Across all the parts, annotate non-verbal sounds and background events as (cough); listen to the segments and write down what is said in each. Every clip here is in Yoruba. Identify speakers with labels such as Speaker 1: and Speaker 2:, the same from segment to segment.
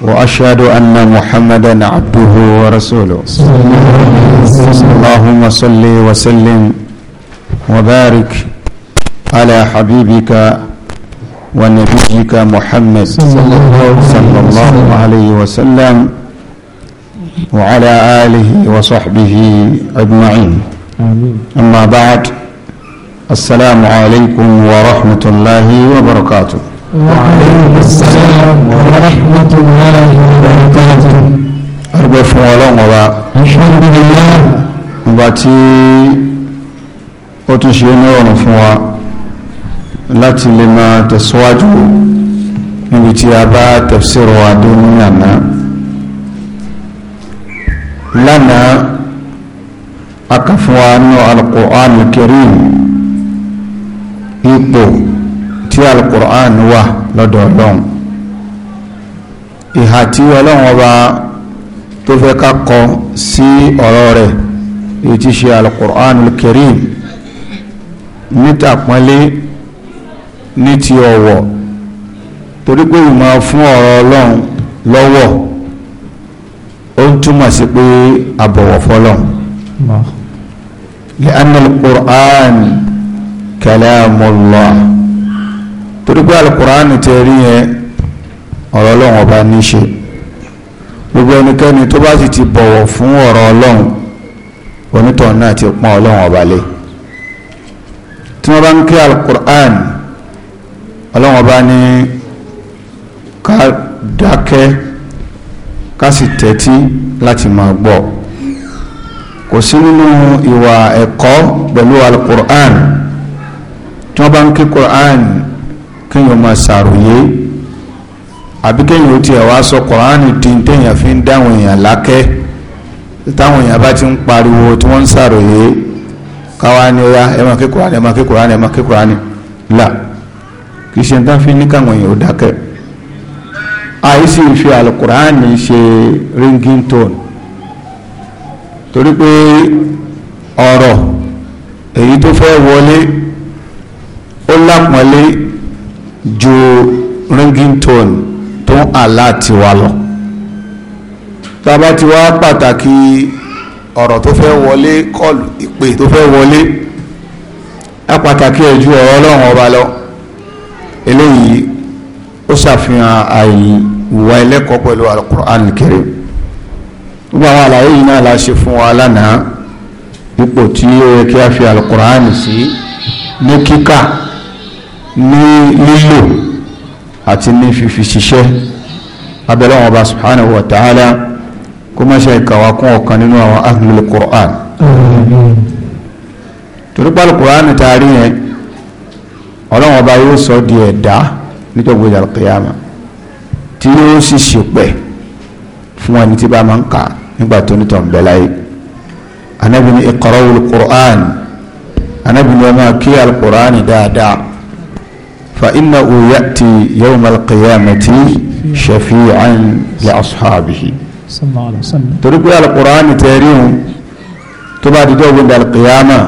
Speaker 1: وأشهد أن محمدا عبده ورسوله اللهم صل وسلم وبارك على حبيبك ونبيك محمد صلى الله عليه وسلم وعلى آله وصحبه أجمعين أما بعد السلام عليكم ورحمة الله وبركاته Àgbẹ̀ fún ọlọ́run ọba. Ìgbà tí ó tún ṣe ní ọ̀rùn fún wa láti lè máa tẹ̀síwájú níbi tí a bá tafsir wa dé ní àná. Lánàá, a kà fún wa nínú Al-Qur'an Al-Karim ipò tí alukur'an wà lọ́dọ̀ ọlọ́run ìhà tí ọlọ́run ọba tó fẹ́ ká kọ sí ọ̀rọ̀ rẹ̀ èyí tí ṣe alukur'an karim níta pọ́nlé ní ti ọ̀wọ̀ torí pé ìmọ̀ fún ọ̀rọ̀ ọlọ́run lọ́wọ́ ó ń túmọ̀ sí pé àbọ̀wọ̀ fọlọ́run li anna alukur'an kalamullah torí pé alukuraani ti rí yẹn ọ̀rọ̀ ọlọ́run ọba ní í ṣe gbogbo ẹnikẹ́ni tó bá sì ti bọ̀wọ̀ fún ọ̀rọ̀ ọlọ́run onítọ̀ náà ti pọ́n ọlọ́run ọba lé tí wọ́n bá ń kí alukuraani ọlọ́run ọba ní ká dákẹ́ ká sì tẹ́tí láti máa gbọ́ kò sí nínú ìwà ẹ̀kọ́ pẹ̀lú alukur'an tí wọ́n bá ń kí kur'an kéèyàn máa ṣàròyé àbí kéèyàn ó tiẹ̀ wá sọ kọ́ránì di téèyàn fi ń dáwọn èèyàn lákẹ́ táwọn èèyàn bá ti ń pariwo tí wọ́n ń ṣàròyé káwá ní ọyá ẹ máa ké kọ́ránì ẹ máa ké kọ́ránì ẹ máa ké kọ́ránì là kì í ṣe tán fi ní káwọn èèyàn ó dákẹ́ àìsí ìfi àlùkùránì ṣe ringing tone torí pé ọ̀rọ̀ èyí tó fẹ́ wọlé ó lápọ̀nlé ju ringing tone tó ń àlá tiwa lọ tába ti wá pàtàkì ọ̀rọ̀ tó fẹ́ wọlé kọlù ìpè tó fẹ́ wọlé á pàtàkì ẹ̀ ju ọ̀rọ̀ ọlọ́run ọba lọ eléyìí ó ṣàfihàn àìwà ẹlẹ́kọ̀ọ́ pẹ̀lú alukur'an kiri gbogbo àwọn àlàyé yìí náà la ṣe fún wa lánàá dípò tí ó yẹ kí a fi alukur'an sí ní kíkà. Si, ní lílò àti ní fífi ṣiṣẹ́ abẹ́lẹ́ wọn bá subhanahu wa ta'ala kó má ṣe ìkàwà kún ọ̀kan nínú àwọn ahlul qur'an torí pàlù qur'an taari yẹn ọlọ́wọ́n bá yóò sọ di ẹ̀dá nítorí ìjà kìyàmà tí yóò sì ṣèpẹ̀ fún ẹni tí bá máa ń kà nígbà tó nítọ̀ ń bẹ láyé anábìnrin iqra'ul qur'an anábìnrin ọmọ kí al dáadáa فإنه يأتي يوم القيامة شفيعا لأصحابه صلى الله عليه وسلم تقول القرآن تاريهم تبا تجوب عند القيامة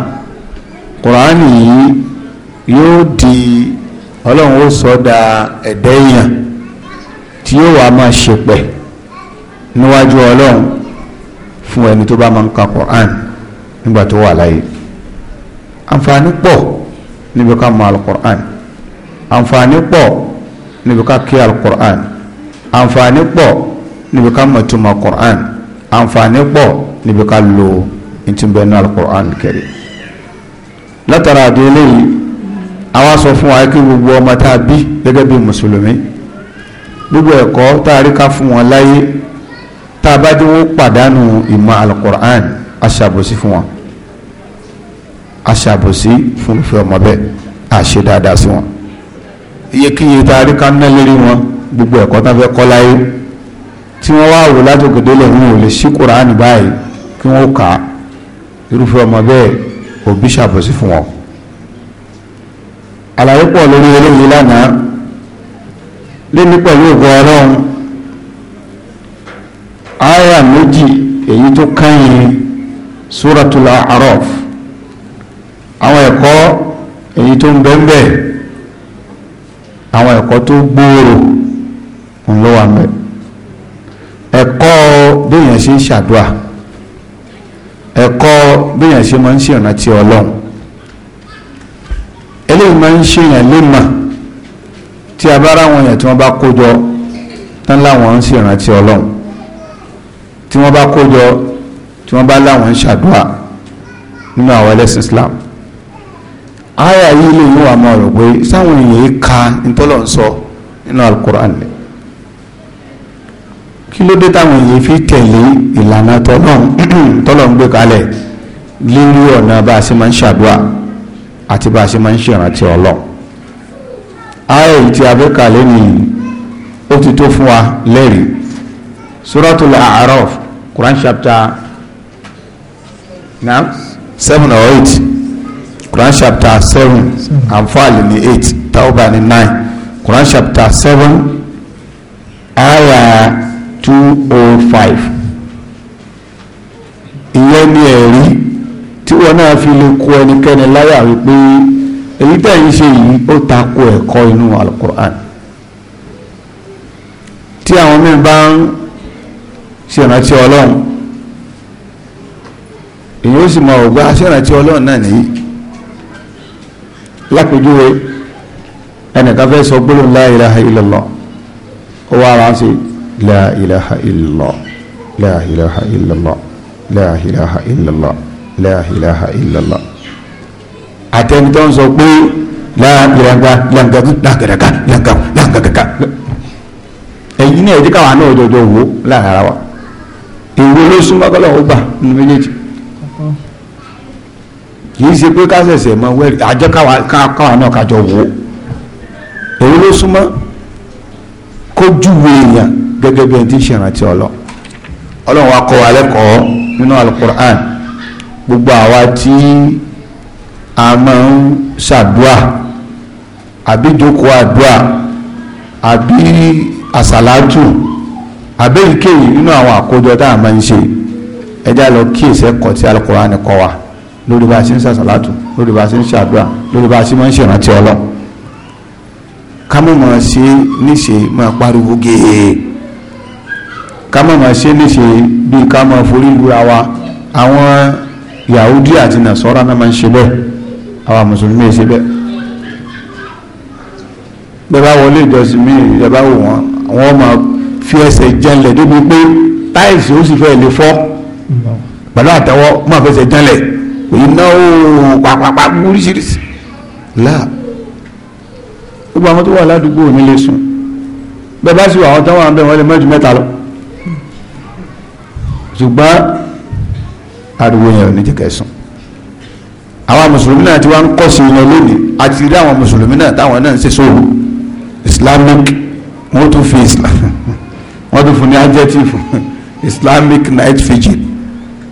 Speaker 1: قرآن يودي ọlọ́run ó sọ́dà ẹ̀dẹ́ èèyàn tí yóò wá máa ṣepẹ̀ níwájú ọlọ́run fún ẹni tó bá máa ń ka Qur'an nígbà wà láyé àǹfààní pọ̀ níbi ká mọ al-Qur'an àǹfààní pọ̀ níbi ká kí alukur'an àǹfààní pọ̀ níbi ká mọ̀túnmọ̀ kur'an àǹfààní pọ̀ níbi ká lo ìtúbẹ̀ ní alukur'an kẹrì látara àdéhùn yìí àwa sọ fún wa kí gbogbo ọmọ tá a bí gẹ́gẹ́ bí mùsùlùmí gbogbo ẹ̀kọ́ tá a rí ká fún wọn láyé tá a bá dé wọ́n pàdánù ìmọ̀ alukur'an aṣàbòsí fún wọn aṣàbòsí fún ìfẹ́ ọmọ bẹ́ẹ̀ àṣe dáadáa sí wọn iyekíye tá a rí ká ná lérí wọn gbogbo ẹ̀kọ́ tá a fẹ́ kọ́ láyé tí wọ́n wá wò látòkèdè lẹ̀ wọn ò lè ṣí kuraani báyìí kí wọ́n kà á irúfẹ́ ọmọ bẹ́ẹ̀ òbí ṣàbòsí fún wọn. àlàyé pọ̀ lórí eléyìí lánàá léni pẹ̀lú ògbó ọlọ́run àyà méjì èyí tó kẹ́yìn súratul A'raf àwọn ẹ̀kọ́ èyí tó ń bẹ́ẹ̀ bẹ́ẹ̀ àwọn ẹ̀kọ́ tó gbòòrò ńlọ wà mẹ́ ẹ̀kọ́ béèyàn ṣe ń ṣàdúà ẹ̀kọ́ béèyàn ṣe máa ń ṣe ìrántí ọlọ́run eléyìí máa ń ṣe èèyàn lémà tí a bá ráwọn èèyàn tí wọ́n bá kó jọ tán láwọn ń ṣe ìrántí ọlọ́run tí wọ́n bá kó jọ tí wọ́n bá láwọn ń ṣàdúà nínú àwọn ẹlẹ́sìn Islam àyà yìí lè mú àmọ́ rẹ̀ pé sáwọn èèyàn yìí ka ntọ́lọ̀ ń sọ nínú alukur'an lẹ̀ kí ló dé táwọn èèyàn fi tẹ̀lé ìlànà tọ́lọ̀ (clears throat) tọ́lọ̀ ń gbé kalẹ̀ lérí ọ̀nà bá a ṣe máa ń ṣàdúrà àti bá a ṣe máa ń ṣèrántí ọlọ́ àyà yìí tí a fẹ́ kà ó ti tó fún wa lẹ́rìí suratul a'raf quran chapter now seven or eight. Quran chapter seven Anfal ni eight Tauba ni nine Quran chapter seven aya two o oh five ìyẹn ni ẹ̀rí tí wọn náà fi lè kó ẹnikẹ́ni láyà wípé èyí tẹ̀ ń ṣe yìí ó tako ẹ̀kọ́ inú alukur'an tí àwọn míì bá ń ṣèrántí ọlọ́run èyí ó sì mọ ògbà ṣèrántí ọlọ́run náà nìyí lápèjúwe ẹnìkan fẹ́ sọ gbólóhùn la ilaha illallah ó wá ara sí la ilaha illallah la ilaha illallah la ilaha illallah la ilaha illallah àtẹnudọ́ sọ pé láàgbẹ̀rẹ̀gbà láàgbẹ̀rẹ̀gbà láàgbẹ̀rẹ̀gbà ẹ̀yìn náà ẹ̀dí káwà náà jọjọ wò láàárá wa èwo ló súnmọ́ kọ́lọ́ ọgbà nínú méjèèjì kì í ṣe pé ká ṣẹ̀ṣẹ̀ mọ wẹ́ẹ̀rì àjọ káwa náà kájọ wò èyí ló súnmọ́ kó júwe èèyàn gẹ́gẹ́ bí ẹni tí ń ṣèrántí ọlọ́run ọlọ́run wa kọ́ wa lẹ́kọ̀ọ́ nínú alukur'an gbogbo àwa tí a máa ń ṣàdúà àbí jókòó àdúà àbí àsàlátù àbí èyíkéyìí nínú àwọn àkójọ tá a máa ń ṣe ẹjá lọ kíyèsí ẹ̀kọ́ tí alukur'an kọ́ wa lórí bá a ṣe ń ṣàṣàlátù lórí bá a ṣe ń ṣàdúrà lórí bá a ṣe máa ń ṣèrántí ọlọ́ ká mọ̀ mọ̀ ṣe níṣe máa pariwo gèè ká mọ̀ mọ̀ ṣe níṣe bíi ká mọ̀ forí lura wa àwọn Yahudi àti Nasara náà máa ń ṣe bẹ́ẹ̀ àwọn mùsùlùmí ṣe bẹ́ẹ̀ bẹ́ẹ̀ bá wọlé ìjọsìn míì ìjọba wò wọ́n wọ́n máa fi ẹsẹ̀ jẹ́lẹ̀ débi pé táìsì ó sì fẹ́ lè fọ́ pẹ̀lú àtẹwọ́ máa fẹsẹ̀ jẹ́lẹ̀ iná ooo pàpàpà oríṣiríṣi láà gbogbo àwọn tó wà ládùúgbò ò ní lè sùn bẹ́ẹ̀ bá sì wà àwọn tó wà ń bẹ̀ wọ́n lè mọ́jú mẹ́ta lọ ṣùgbọ́n ariwo yẹn ò ní jẹ́ kẹsùn àwọn mùsùlùmí náà ti wá ń kọ́ sí wọn lónìí a ti rí àwọn mùsùlùmí náà táwọn náà ń ṣe sóòrò islamic wọ́n tún fi islam wọ́n tún fún ní adjective (laughs) islamic night vigil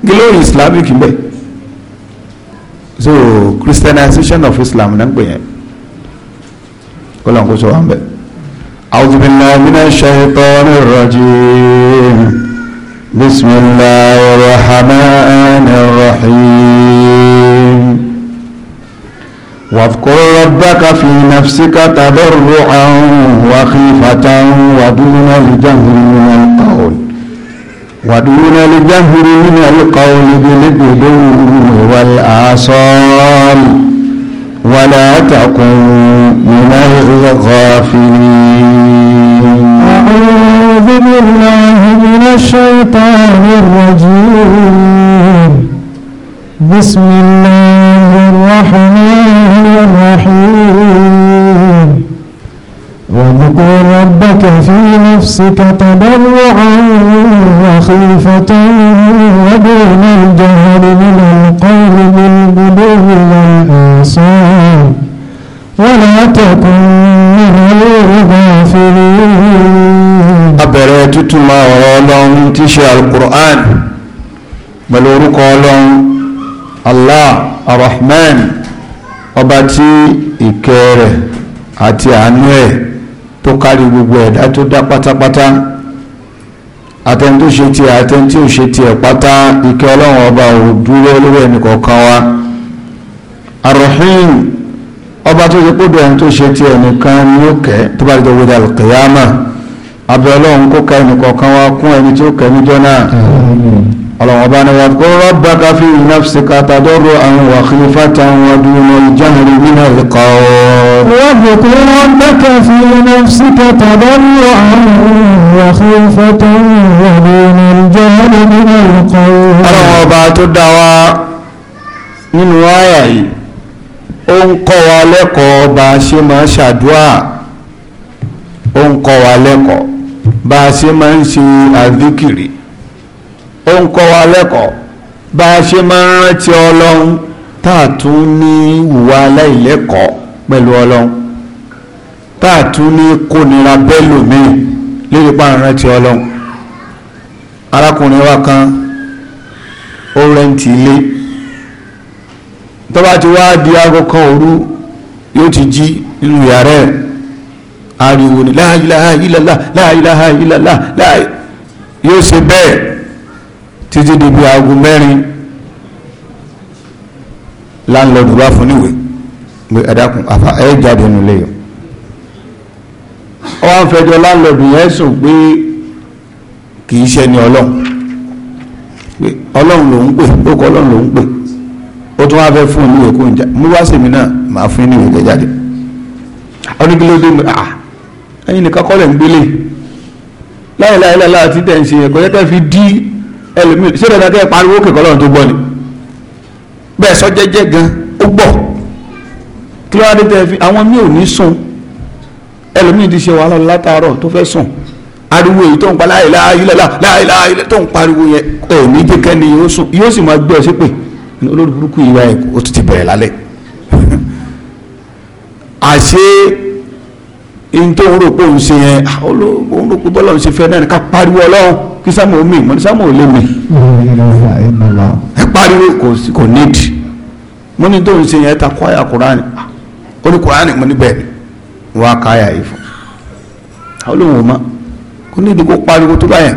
Speaker 1: kí ló rí islamic bẹ́ẹ̀ so christianization of islam náà ń pè yẹn kọlọ̀ kó sọ wà ń bẹ̀. أعوذ بالله من الشيطان الرجيم بسم الله الرحمن الرحيم واذكر ربك في نفسك تضرعا وخيفة ودون الجهر من القول ودون الجهر من القول بالغدو والآصال
Speaker 2: ولا تكن من الغافلين أعوذ بالله من الشيطان الرجيم بسم الله الرحمن الرحيم واذكر ربك في نفسك تضرعا وخيفة ودون الجهل من القول بالغدو والآصال ولا تكن من الغافلين
Speaker 1: abẹ̀rẹ̀ tútùmọ̀ ọ̀rọ̀ ọlọ́run tí ṣe alukur'an pẹ̀lú orúkọ ọlọ́run allah arahman ọba tí ìkẹ́ rẹ̀ àti àánú ẹ̀ tó kárí gbogbo ẹ̀dá tó dá pátápátá àtẹni tó ṣe tiẹ̀ àtẹni tí ò ṣe tiẹ̀ pátá ìkẹ́ ọlọ́run ọba ò dúró lórí ẹnì kọ̀ọ̀kan wa arahim ọba tó ṣe kódò ẹni tó ṣe tiẹ̀ nìkan ni ó kẹ́ tó bá dìde wíjà kìyàmà abẹ́ ọlọ́run kó ká ẹnì wa kún ẹni tí kẹ́ níjọ́ náà ọlọ́run ọba ni wọ́n kọ́ rabbaka fi nafsika tadarru'an wa khifatan wa dunal jahri minal qawl واذكر ربك في نفسك تضرعا
Speaker 2: وخوفة ودون الجهل من القول
Speaker 1: ọlọ́run ọba tó dá wa nínú àyà yìí ó ń kọ́ wa lẹ́kọ̀ọ́ bá a ṣe máa ṣàdúrà ó ń kọ́ wa lẹ́kọ̀ọ́ bá a ṣe máa pẹ̀lú ọlọ́run táàtú ní kò nira bẹ́lù míì lérí pààrọ̀ ti ọlọ́run arákùnrin wa kan ó rẹ́ǹtì ilé tó bá ti wá di aago kan òru yóò ti jí nínú yàrá ẹ̀ ariwo ni la ilaha illallah la ilaha illallah láàyè yóò ṣe bẹ́ẹ̀ títí di bí aago mẹ́rin láńlọ́dù bá fún níwèé pé ẹ̀dákun àfà ẹ̀ jáde nílé yọ ọ fẹjọ láńlọ́ọ̀dù yẹn sùn pé kì ṣe ni ọlọ́run pé ọlọ́run ló ń pè ó ló ń pè ó tún wá fún ìwé kó mú wá sèmi náà màá fún ní ìwé mi ah, nìkan ń gbélé tẹ̀ ń ṣe ẹ̀kọ́ yẹ́tẹ́ fi dí ẹlòmíràn ṣé dandan kẹ́ ẹ̀ pariwo lọ́run tó gbọ́ ni bẹ́ẹ̀ sọ jẹ́jẹ́ gan ó gbọ́ kí ló wá dé tẹ́ fi àwọn míì ò ní sùn ẹlòmíì ti ṣe wàhálà látàárọ̀ tó fẹ́ sùn ariwo èyí tó ń pa láìláà ilẹ̀lá láìláà ilẹ̀ tó ń pariwo yẹn ẹ̀ ní jẹ́kẹ́ ni yóò sùn yóò sì máa gbé ọ sípè olórí burúkú ìwà ẹ̀ ó ti ti bẹ̀rẹ̀ lálẹ́ (laughs) àṣé n tó ń rò pé òun ṣe yẹn òun rò pé bọ́lá òun ṣe fẹ́ náà ká pariwo ọlọ́run kí sámù omi mọ̀ ní sámù ò lè mi ẹ pariwo kò nídìí mo ní tó ń ṣe yẹn ta kọ́ àyà kúránì ó ní kùránì mo níbẹ̀ ni wọ́n á ká àyà yìí fún un olóhùn ọmọ kò ní ìdókò pariwo tó báyẹn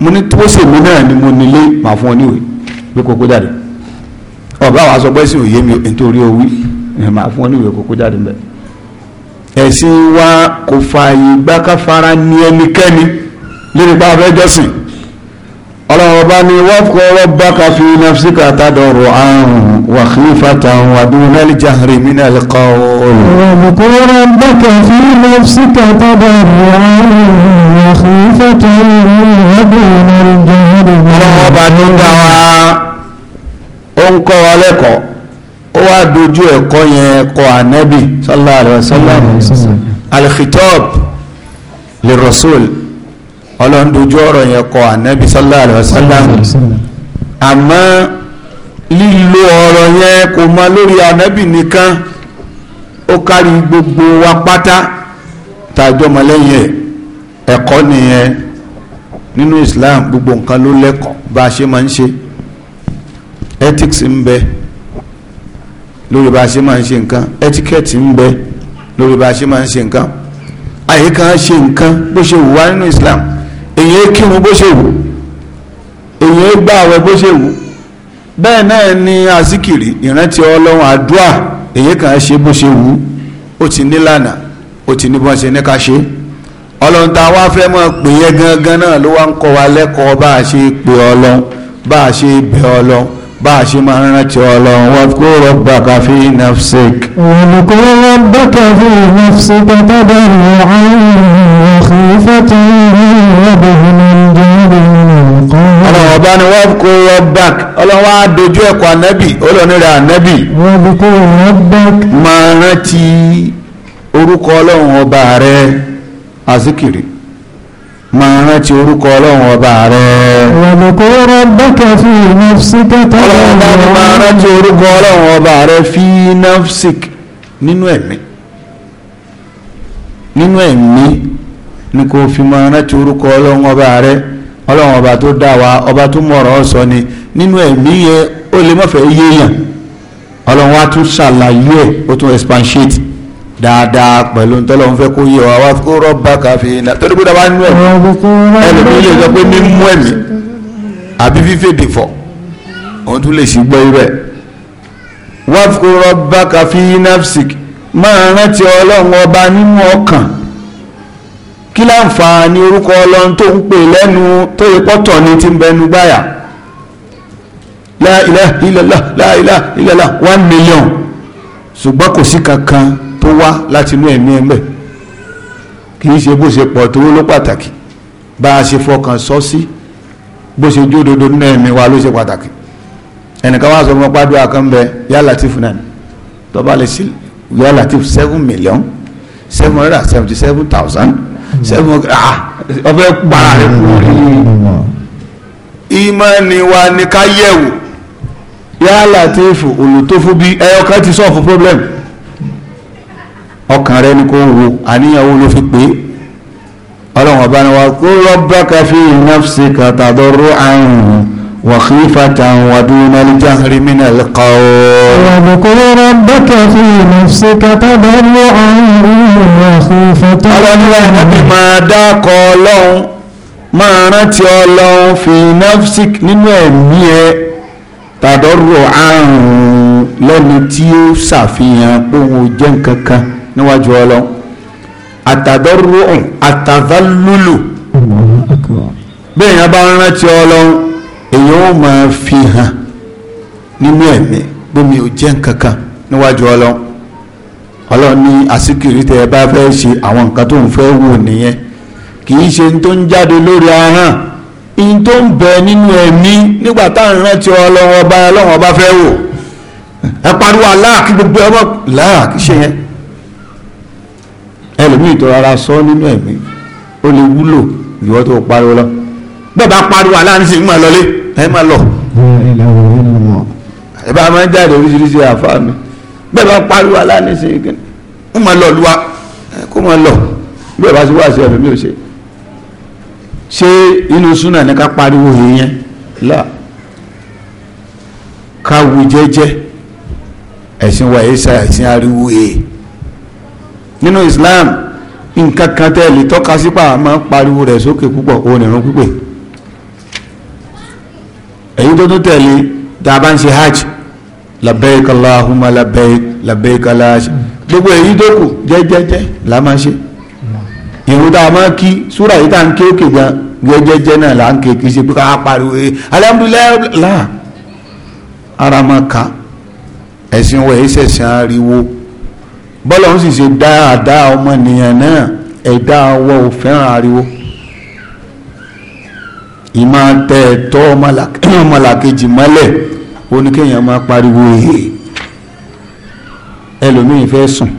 Speaker 1: mo ní tó ṣe mú náà ni mo nílé màá fún ọ níwèé bí kókó jáde ọba àwọn aṣọ pé sí òye mi nítorí owí (laughs) màá fún ọ níwèé kókó jáde mbẹ ẹ̀sìn wa kò fààyè gbákáfara ní ẹnikẹ́ni lórí bá a fẹ́ jọ́sìn ọlọ́run ọba ni wọ́pọ̀ rọ́bà káfí nafsika tadọ̀rọ̀ àrùn wà khifata wà dúnlẹ́lì jahri mina lẹ́kọ́ òòlù.
Speaker 2: wọ́pọ̀ rọ́bà káfí nafsika tadọ̀rọ̀
Speaker 1: àrùn wà khifata wà dúnlẹ́lì jahri mina lẹ́kọ́ òòlù. ọlọ́run ọba tó ń dá wa ó ń kọ́ wa lẹ́kọ̀ọ́ ó wá dojú ẹ̀kọ́ yẹn kọ́ ànábì sallallahu alaihi wasallam al-khitab ọlọ́run dojú ọ̀rọ̀ yẹn kọ ànábì sallallahu alaihi wasallam àmọ́ lílo ọ̀rọ̀ yẹn kò mọ lórí ànábì nìkan ó kárí gbogbo wa pátá tàjọ mọ́lẹ́yìn ẹ̀kọ́ nìyẹn nínú Islam gbogbo nǹkan ló lẹ́kọ̀ọ́ bá a ṣe máa ń ṣe ethics ń bẹ lórí bá a ṣe máa ń ṣe nǹkan etiquette ń bẹ lórí bá a ṣe máa ń ṣe nǹkan àyíká ṣe nǹkan bó ṣe wù wá nínú Islam èyàn kírun bó ṣe wù èyàn gbà àwẹ̀ bó ṣe wù bẹ́ẹ̀ náà ni azikiri ìrántí ọlọ́run àdúà èyàn kàn ṣe bó ṣe wù ó ti nílànà ó ti ní bọ́n ṣe ní ká ṣe ọlọ́run tá a wá fẹ́ mọ̀ pé yẹ gangan náà ló wá ń kọ́ wa lẹ́kọ̀ọ́ bá a ṣe pè ọlọ́run bá a ṣe bẹ̀ ọlọ́run bá a ṣe máa ń rántí ọlọ́run wọ́n kó rọ́bà káfí nafsik.
Speaker 2: wọ́n kó rọ́bà
Speaker 1: káfí nafsik tọ́jú àwọn ọ̀hún ọlọ́run ọba ni wọ́n kó rọ́bàk ọlọ́run wá dojú ẹ̀kọ́ ànábì olóòníra ànábì. wọ́n bí kó rọ́bàk. máa rántí orúkọ ọlọ́run ọba rẹ azikiri máa rántí orúkọ ọlọ́run ọba rẹ. wàlùkọ́ rọ́bàkà fi nafsika máa rántí orúkọ ọlọ́run ọba rẹ fi nafsik nínú ẹ̀mí nínú ẹ̀mí ní kó fi máa rántí orúkọ ọlọ́run ọba rẹ ọlọ́run ọba tó dá wa ọba tó mọ̀rọ̀ sọ ni nínú ẹ̀mí yẹn ó lè mọ̀fẹ́ yéèyàn ọlọ́run wa tún ṣàlàyé ẹ̀ ó tún expansiate dáadáa pẹ̀lú ntọ́lọ́run fẹ́ kó yé wa wá kó rọ́bà káfí iná torí pé dábàá nínú ẹ̀ ẹlòmíì lè sọ pé mímú ẹ̀mí àbí fífèdè fọ̀ òun tún lè sì gbọ́ irú wá kó rọ́bà káfí iná máa rántí ọlọ́run ọba nínú ọkàn kí láǹfààní orúkọ ọlọ́run tó ń pè lẹ́nu tó yẹ pọ́tọ̀ ní ti ń bẹnu gbáyà láìlá ìlàlá láìlá one million ṣùgbọ́n kò sí kankan tó wá láti inú ẹ̀mí ẹ̀mẹ́ kì í ṣe bó ṣe pọ̀ tó ló pàtàkì bá a ṣe fọkàn sọ sí seven million seventy seven thousand sẹ́gun ọbẹ̀ para rẹ̀ kúrò ní ìmánì wa ni ká yẹ̀wò yálà tí èfò olùtófó bí ẹyọkan ti sọ̀fù problem ọkàn rẹ ni kò wo àníyàn wo ló fi pé ọlọ́run ọba ni wa kó rọ́bà káfí nafsika tadarru'an. وخيفة ودون الجهر من القول واذكر ربك في نفسك تضرعا وخيفة ọlọ́run ẹni máa dákọ̀ ọlọ́run máa rántí ọlọ́run fi nafsik nínú ẹ̀mí ẹ tàdọ́rọ̀ àrùn lẹ́ni tí ó ṣàfihàn póhùn jẹ́ nǹkan kan níwájú ọlọ́run àtàdọ́rọ̀ àtàdálólò bẹ́ẹ̀ yẹn bá rántí ọlọ́run èyí ó máa fi hàn nínú ẹ̀mí bómi ò jẹ́ nǹkan kan níwájú ọlọ́run ọlọ́run ní àsìkiri tẹ ẹ bá fẹ́ ṣe àwọn nǹkan tó ń fẹ́ wò nìyẹn kì í ṣe tó ń jáde lórí ahọ́n in tó ń bẹ nínú ẹ̀mí nígbà táwọn ìrántí ọlọ́run ọba ọlọ́run ọba fẹ́ wò ẹ pariwo aláàkí gbogbo ẹ mọ̀ láàkí ṣe yẹn ẹlòmíì tó rárá sọ nínú ẹ̀mí ó lè wúlò ìwọ tó pariwo lọ bẹ́ẹ̀ bá pariwo aláàkí sì ń mọ̀ lọlé ẹ máa lọ. ẹ bá máa ń jáde oríṣiríṣi àfa mi bẹ́ẹ̀ bá pariwo aláníṣe gẹ́gẹ́ ó máa lọ lu wa kó máa lọ bí ẹ bá ti wá sí ẹ̀mí mi ò ṣe ṣé inú súnà ní ká pariwo yẹn là ká wu jẹ́jẹ́ ẹ̀sìn wa yìí ṣe ẹ̀sìn ariwo yìí nínú Islam nǹkan kan tẹ́ lè tọ́ka sípà máa ń pariwo rẹ̀ sókè púpọ̀ òun ìrún pípé èyí tó tún tẹ̀lé tá a bá ń ṣe hajj labbaik allahumma labbaik labbaik aláṣẹ gbogbo èyí tó kù jẹ́jẹ́jẹ́ là máa ṣe ìrù tá a máa kí súrà yìí tá à ń ké òkè gan jẹ́jẹ́jẹ́ náà là ń ké kì ṣe pé ká pariwo eh, alhamdulilayi ara máa ka ẹ̀sìn wọ̀ ẹ̀ ṣẹ̀ṣẹ̀ ariwo bọ́lá ń sì ṣe dáadáa ọmọnìyàn náà ẹ̀dá ọwọ́ òfẹ́ràn ariwo ìmọ̀ tẹ́ ẹ̀tọ́ ọmọlàkejì (clears throat) mọ́lẹ̀ oníkéèyàn máa pariwo èè ẹlòmíì fẹ́ sùn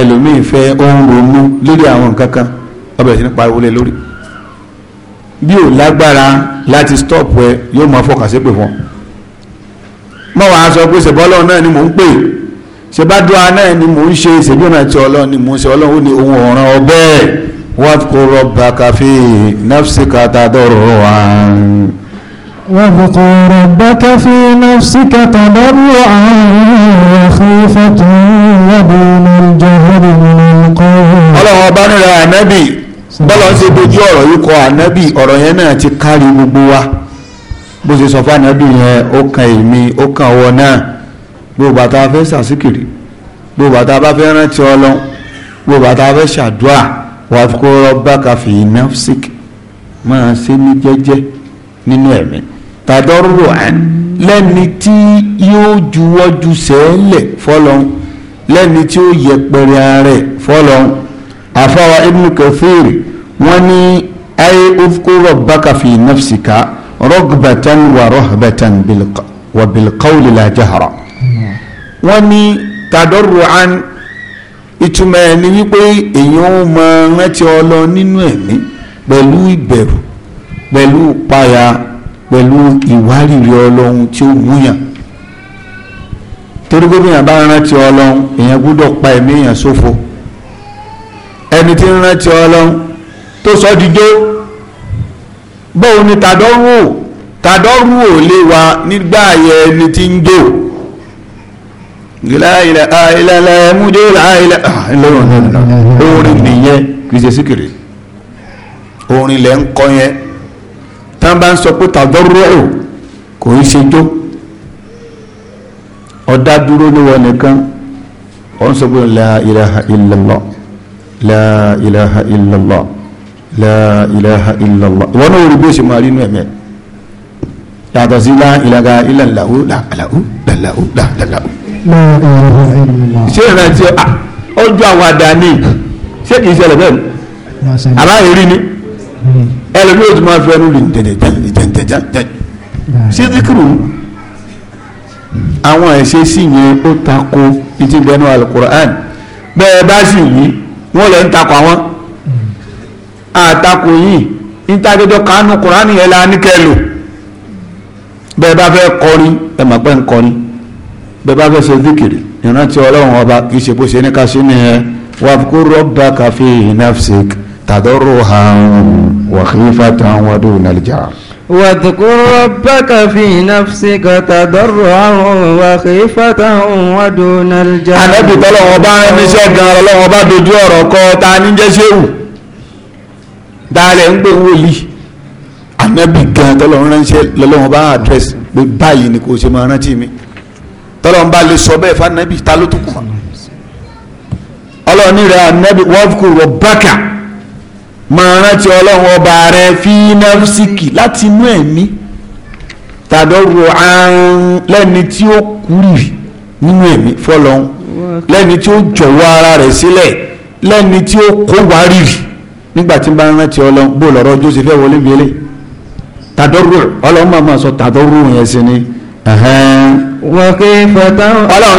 Speaker 1: ẹlòmíì fẹ́ ohun ronú lórí àwọn nǹkan kan ọbẹ̀ sí ní pariwo lé lórí bí ò lágbára láti stop ẹ yóò máa fọkàn sí pé fún mọ wàá sọ pé ṣèbọ́lọ́ náà ni mò ń pè ṣèbádùá náà ni mò ń ṣe ṣèbí ọ̀nà tí ni mò ń ṣe ọlọ́run ó ní ohun ọ̀ràn ọbẹ̀ واذكر ربك في نفسك تضرعا
Speaker 2: واذكر ربك في نفسك تضرعا وخيفة ودون
Speaker 1: الجهل من القول الله أبانا يا نبي bọ́lá ń ṣe dojú ọ̀rọ̀ yìí kọ ànábì ọ̀rọ̀ yẹn náà bó ṣe sọ fún yẹn ó kan èmi ó kan ọwọ́ náà gbogbo bàtà fẹ́ sàṣìkiri gbogbo bàtà fẹ́ rántí ọlọ́ gbogbo bàtà fẹ́ ṣàdúà wàfikún rọ́bàkà fi nafsik máa ṣe ní jẹ́jẹ́ nínú ẹ̀mí tàdọ́rù àn lẹ́ni tí yóò juwọ́jú sẹ́ẹ̀lẹ̀ fọ́lọ́n lẹ́ni tí ó yẹpẹrẹ ààrẹ fọ́lọ́n àfáwa ibn kathir wọ́n ní ayé wàfikún rọ́bàkà fi nafsika rọ́gbàtàn wà rọ́hbàtàn wà bilqawli la jahra hmm. wọ́n ní tàdọ́rù àn. ìtumọ̀ ẹ̀ ni wípé èèyàn ó mọ rántí ọlọ́run nínú ẹ̀mí pẹ̀lú ìbẹ̀rù pẹ̀lú ìpayà pẹ̀lú ìwárìrì ọlọ́run tí ó múyàn torí gbogbo bá rántí ọlọ́run èèyàn gbúdọ̀ pa ẹ̀mí èèyàn ṣòfò ẹni tí ń rántí ọlọ́run tó sọ dídó bóun ni ò ò lè wà nígbà ayẹ ẹni láìlẹ̀ àìlẹ̀lẹ̀ múdé láìlẹ̀ lọ́rùn náà orin nìyẹn kìí ṣe síkìrì orin lẹ́ ń kọ́ yẹn tán bá ń sọ pé tàbọ́rọ́ ò kò ń ṣe jó ọ̀dá dúró ló wọ nìkan ó ń sọ pé láìláha illallah láìláha illallah láìláha illallah ìwọ náà orí bí ó ṣe máa rí inú ẹ̀mẹ́ yàtọ̀ sí láìláha illallah làlàó làlàó làlàó ṣé ìrántí ọjọ́ ah, àwàdà ni ṣé kìí ṣẹlẹ̀ bẹ́ẹ̀ àbáyé rí ni ẹlẹ́bí yóò tún máa fẹ́ ẹnu rí jẹjẹjẹjẹjẹjẹ ṣé díkìrù àwọn ẹ̀ṣẹ̀ sì yẹn ó tako ìtì bẹnu alukur'an bẹ́ẹ̀ bá sì yí wọ́n lẹ́ ń takò àwọn àtakò yìí ìtajọ́jọ́ kanú kur'an yẹn la ní kẹlò bẹ́ẹ̀ bá fẹ́ kọrin ẹ̀ mọ̀ pé ń kọrin bẹ́ẹ̀ bá fẹ́ ṣe díkìrì ìrántí ọlọ́run ọba kì í ṣe bó ṣe ní ká sí ni ẹ wazkur rabbaka fi nafsik tadarruhan wa khifatan wa dunal jar.
Speaker 2: واذكر ربك في نفسك تضرعا وخيفة ودون الجهل
Speaker 1: Ànábì tọ́lọ́wọ́ bá ní iṣẹ́ gan ọlọ́wọ́ bá dojú ọ̀rọ̀ kọ ta ní jẹ́ ṣéwù dáálẹ̀ ń pè wòlíì Ànábì gan tọ́lọ́wọ́ ránṣẹ́ lọ́lọ́wọ́ bá àdírẹ́sì tọ́lọ́ ń bá lè sọ bẹ́ẹ̀ fanabi ta ló tún kù mọ́ ọlọ́ọ̀ni rẹ̀ anabi wọ́ọ̀kù rọ̀bákà máa rántí ọlọ́run ọba rẹ̀ fi nafsiki láti inú ẹ̀mí tàdọ́rọ̀ àrùn lẹ́ni tí ó kúrì nínú ẹ̀mí fọlọ́n lẹ́ni tí ó jọ̀wọ́ ara rẹ̀ sílẹ̀ lẹ́ni tí ó kó wárìrì nígbà tí bá rántí ọlọ́run bó lọ́rọ́ jósèfẹ́ wọlé gbélé tàdọ́rọ̀ ọlọ́run máa máa sọ tàdọ́rọ̀ yẹn sí ni ọlọ́run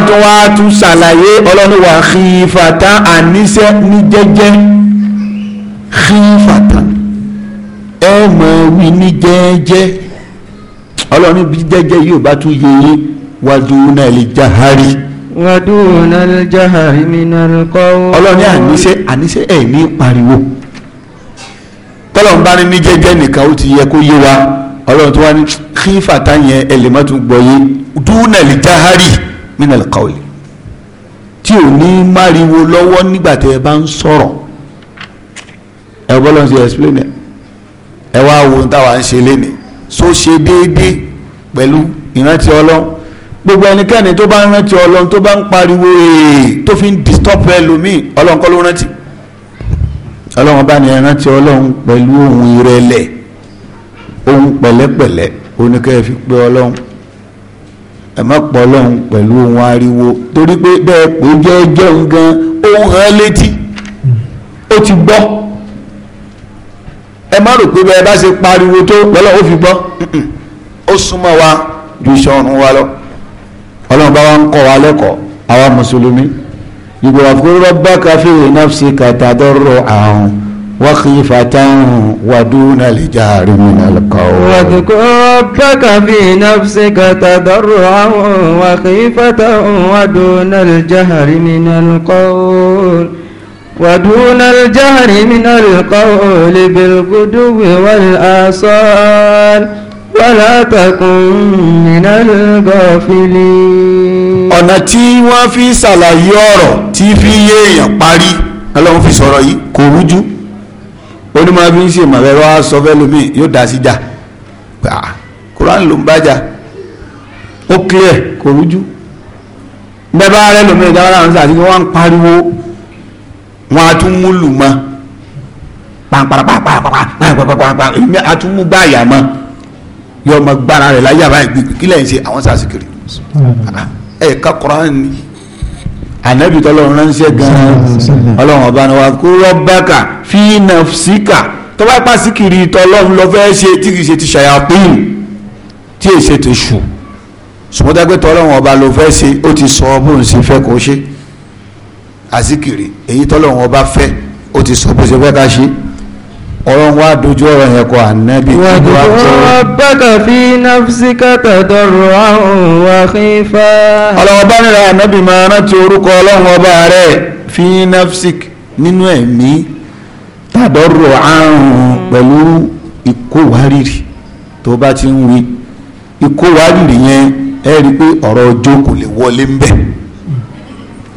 Speaker 1: tó wá tún ṣàlàyé ọlọ́run wà khifata àníṣẹ́ ní jẹ́jẹ́ khifata ẹ mọ̀ wí ní jẹ́jẹ́ ọlọ́run bí jẹ́jẹ́ yóò bá tún yẹ wàdúnà lè jáhárí wàdúnà lè jáhárí mìíràn kọ́ ọlọ́run àníṣẹ́ àníṣẹ́ ẹ̀ ní pariwo tọ́lọ̀ bá ní jẹ́jẹ́ nìkan ó ti yẹ kó yé ọlọ́run tó wá ní kí fàtà yẹn ẹlẹ́mọ́tún gbọ́yé dúnàlì jáhárì mínàlì kàwé tí ò ní máriwo lọ́wọ́ nígbà tẹ́ ẹ bá ń sọ̀rọ̀ ẹ bọ́lọ́n ti explain ẹ ẹ wá wo ohun táwa ń ṣe léni so ṣe déédéé pẹ̀lú ìrántí ọlọ́run gbogbo ẹnikẹ́ni tó bá ń rántí ọlọ́run tó bá ń pariwo èè tó fi ń disturb ẹlòmíì ọlọ́run kọ́ ló rántí ọlọ́run bá ní ẹ rántí ọlọ́run pẹ̀lú ohun ìrẹ̀lẹ̀ ohun pẹ̀lẹ́pẹ̀lẹ́ oníkẹ́ fi pé ọlọ́run ẹ má pọ̀ ọlọ́run pẹ̀lú ohun ariwo torí pé bẹ́ẹ̀ pé jẹ́ẹ́jẹ́ gan ohun hàn létí ó ti gbọ́ ẹ má rò pé bẹ́ẹ̀ bá ṣe pariwo tó lọ́lọ́ ó fi gbọ́ ó súnmọ́ wa ju iṣẹ́ ọ̀run wa lọ ọlọ́run bá wa ń kọ́ wa lẹ́kọ̀ọ́ àwa mùsùlùmí ìgbòràfúrọ́ bá káfíìrì náà kàtàdọ́rọ̀ àrùn وخيفة ودون الجهر من القول واذكر ربك
Speaker 2: في نفسك تضرعا وخيفة ودون الجهر من القول ودون الجهر من القول بالغدو والآصال ولا تكن من الغافلين
Speaker 1: أنا tí wọ́n fi ṣàlàyé ọ̀rọ̀ tí fi yé èèyàn parí ọlọ́run fi sọ̀rọ̀ yìí onímọ̀ fi ń ṣe ìmọ̀lẹ́rọ aṣọ fẹ́lómi yóò dá sí jà gbà ah, kúránì ló ń bájà ó clear kò rújú bẹ́ẹ̀ bá rẹ lómi ìdáwọ́ láwọn sáà wọ́n ń pariwo wọn a tún mú lù mọ́ pàǹpàràpàpàpàpàpàpàpàpà ànábì tọ́lọ́run ránṣẹ́ gan-an ọlọ́run ọba ni wà kó rọ́bàkà fi nafsika tó bá pa síkìrì tọ́lọ́run lọ fẹ́ ṣe tí kì í ṣe ti ṣàyàpín tí èyí ṣe ti ṣù ṣùgbọ́n dágbé tọ́lọ́run ọba ló fẹ́ ṣe ó ti sọ bó ń ṣe fẹ́ kó ṣe àsíkìrì èyí tọ́lọ́run ọba fẹ́ ó ti sọ bó ṣe fẹ́ ká ṣe ọ̀rọ̀ wa dojú ọ̀rọ̀ yẹn kọ ànábì wa tó wá tó. rabbaka fi nafsika tadarru'an wa khifa. ọlọ́wọ́ bá nira ànábì máa rántí orúkọ ọlọ́run ọba rẹ̀ fi nafsik nínú ẹ̀mí tadarru'an pẹ̀lú ìkówárìrì tó bá ti ń wí ìkówárìrì yẹn ẹ rí i pé ọ̀rọ̀ ọjọ́ kò lè wọlé ń bẹ̀.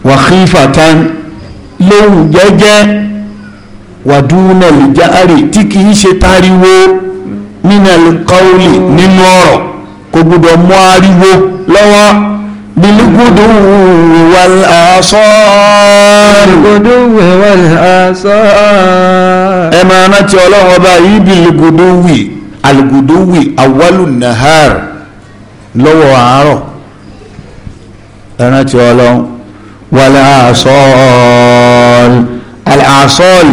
Speaker 1: wa khifatan lóhùn jẹ́jẹ́ wàdúnà lè já àrè tí kì í ṣe táriwo nínú ẹ̀lẹ́kọ́ọ̀lì nínú ọ̀rọ̀ kò gbọdọ̀ mú ariwo lọ́wọ́ biligudu wal asar biligudu wal asar ẹ máa rántí ọlọ́run ọba yìí biligudu wì aligudu awalu nahar lọ́wọ́ àárọ̀ ẹ rántí ọlọ́run wal asar al asar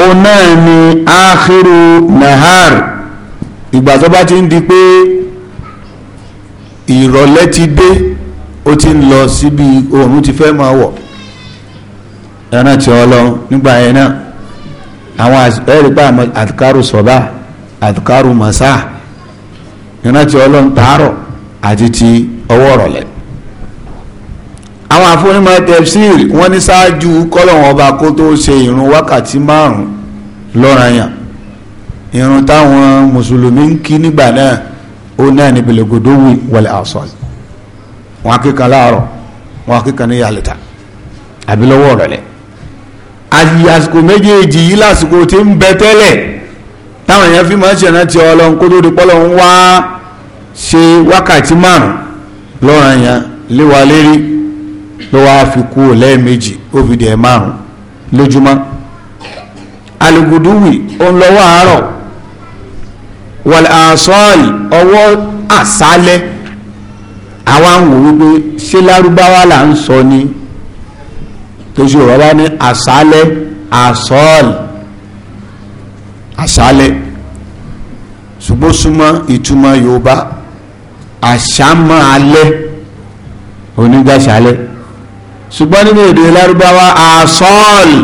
Speaker 1: ó náà ni áhírù nahar ìgbà tó bá ti ń di pé ìrọ̀lẹ́ ti dé ó ti ń lọ síbi oòrùn ti fẹ́ máa wọ̀ ẹran tí ọ lọ nígbà yẹn náà àwọn ẹ̀rí pa sọ̀bá àtìkárù mọ̀sá ẹran tí ọ lọ ń tàárọ̀ àti ti ọwọ́ rọ̀lẹ́ àwọn àfúnimọ̀ tefsir wọ́n ní ṣáájú kọ́lọ̀wọ́n ọba kó tó ṣe ìrun wákàtí márùn-ún lọ́ranyàn ìrun táwọn mùsùlùmí ń kí nígbà náà ó náà ní bẹ̀lẹ̀gòdó wì wọlé àṣọ wọn akíkan láàárọ̀ wọn akíkan ní yàlẹ̀ta àbí lọ́wọ́ ọ̀rọ̀lẹ́ àsìkò méjèèjì yìí lásìkò tí ń bẹ tẹ́lẹ̀ táwọn èèyàn fi máa ń ṣèrántí ọlọ́run kó tó di pọ́lọ́run wá ṣe wákàtí márùn-ún léwa lérí ló wá fi kú lẹ́ẹ̀mejì ó fi dẹ̀ márùn lójúmọ́ aluguduwi òun lọ́wọ́ àárọ̀ wàlẹ̀ àṣọ́ọ̀lì ọwọ́ àṣálẹ́ àwa ń wò wípé ṣé lárúbáwá là ń sọ ni tóṣù rọ́bá ní àṣálẹ́ àṣọ́ọ̀lì àṣálẹ́ ṣùgbọ́n súnmọ́ ìtumọ̀ yorùbá àṣámọ́ alẹ́ onígbàṣálẹ́ ṣùgbọ́n nínú èdè lárúbáwá àsọ́ọ̀lù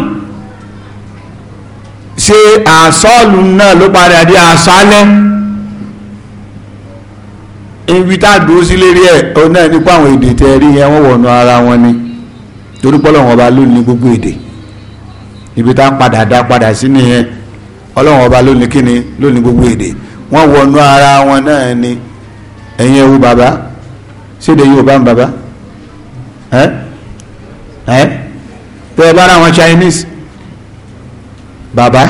Speaker 1: ṣe àsọ́ọ̀lù náà ló padà di àsálẹ́ ibi tá a dúró sí lérí ẹ̀ ọ náà nípa àwọn èdè tẹ̀ rí yẹn wọ́n wọ̀nà ara wọn ni torí pé Ọlọ́run ọba ló ní gbogbo èdè ibi tá a padà dá padà sí nìyẹn Ọlọ́run ọba ló kíni ló gbogbo èdè wọ́n wọnú ara wọn náà ni ẹ̀yin ẹ̀wù bàbá ṣéde yóò bá ń bàbá ẹ́. Eh? ẹ́ tẹ́ ẹ bá ra Chinese bàbá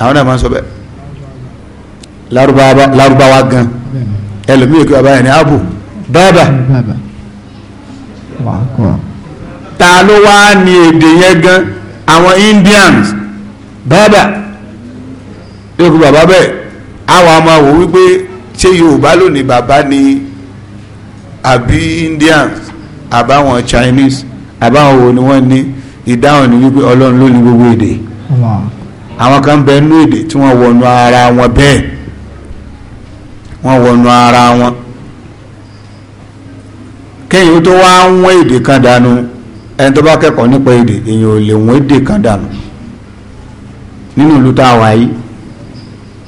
Speaker 1: àwọn náà máa ń sọ bẹ́ẹ̀ lárúbáwá gan ẹlòmíì kí bàbá yẹn ní abu bàbá ta ló wá ní èdè yẹn gan àwọn Indians bàbá yóò fi bàbá bẹ́ẹ̀ àwọn a máa wò wípé ṣé Yorùbá lónìí bàbá ni àbí Indians àbáwọn Chinese àbáwọn ni wọ́n ní ìdáhùn ní wípé ọlọ́run ló ní gbogbo èdè àwọn kan bẹ nú èdè tí wọ́n wọnú ara wọn bẹ́ẹ̀ wọ́n wọnú ara wọn kéyìn tó wá wọ́n èdè kan dànù ẹni tó bá kẹ́kọ̀ọ́ nípa èdè èyàn ò lè wọ́n èdè kan dànù nínú ìlú tá a wà yìí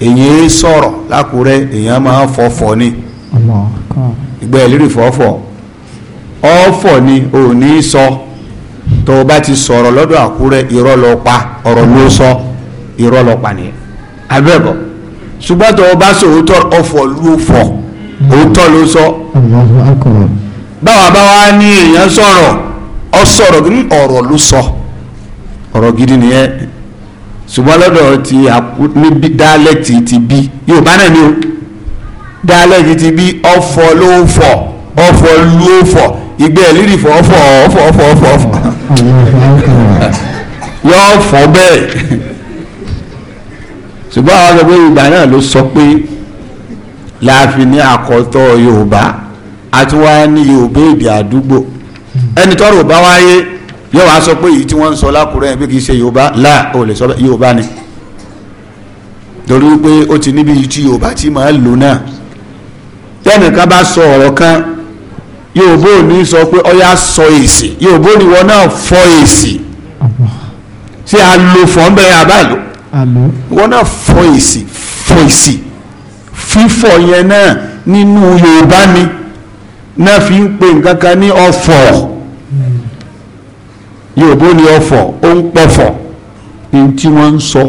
Speaker 1: èyàn sọ̀rọ̀ lákùrẹ́ èyàn ọ̀fọ̀ ni ò ní sọ tó o bá ti sọ̀rọ̀ lọ́dọ̀ àkúrẹ́ irọ́ lọ pa ọ̀rọ̀ ló sọ irọ́ lọ pa nìyẹn abẹ́bọ̀ ṣùgbọ́n tó o bá sọ òótọ́ ọ̀fọ̀ ló fọ̀ òótọ́ ló sọ. báwa báwa ní èèyàn sọ̀rọ̀ ọ sọ̀rọ̀ ní ọ̀rọ̀ ló sọ ọ̀rọ̀ gidi nìyẹn ṣùgbọ́n lọ́dọ̀ ti níbi dáálẹ́tì ti bí yorùbá náà ni o dáálẹ́tì ti bí ọ̀fọ̀ ló fọ̀ ọ̀fọ̀ ló fọ̀ ìgbẹ́ ẹ̀ lírì fọ́ fọ́ fọ́ fọ́ fọ́ fọ́ yọ fọ́ bẹ́ẹ̀ ṣùgbọ́n àwọn ọmọ yorùbá náà ló sọ pé láàfin ní àkọ́tọ̀ yorùbá àti wá ní yorùbá èdè àdúgbò ẹni tọ́rọ ò bá wáyé yóò wá sọ pé èyí tí wọ́n ń sọ lákùrẹ́ ẹ̀ pé kì í ṣe yorùbá láà ò lè sọ yorùbá ni torí pé ó ti níbi tí yorùbá ti máa lò náà tẹ́nìkan bá sọ ọ̀rọ̀ kan yòòbó ní sọ pé ọyá sọ èsì yòòbó ni wọn náà fọ èsì ṣé a lo fọ́n bẹ́ẹ̀ àbáyọ wọn náà fọ èsì fọ èsì fífọ yẹn náà nínú yorùbá ni náà fi ń pe nǹkan kan ní ọ̀fọ̀ yòòbó ni ọ̀fọ̀ ó ń pọ̀fọ̀ ní tí wọ́n ń sọ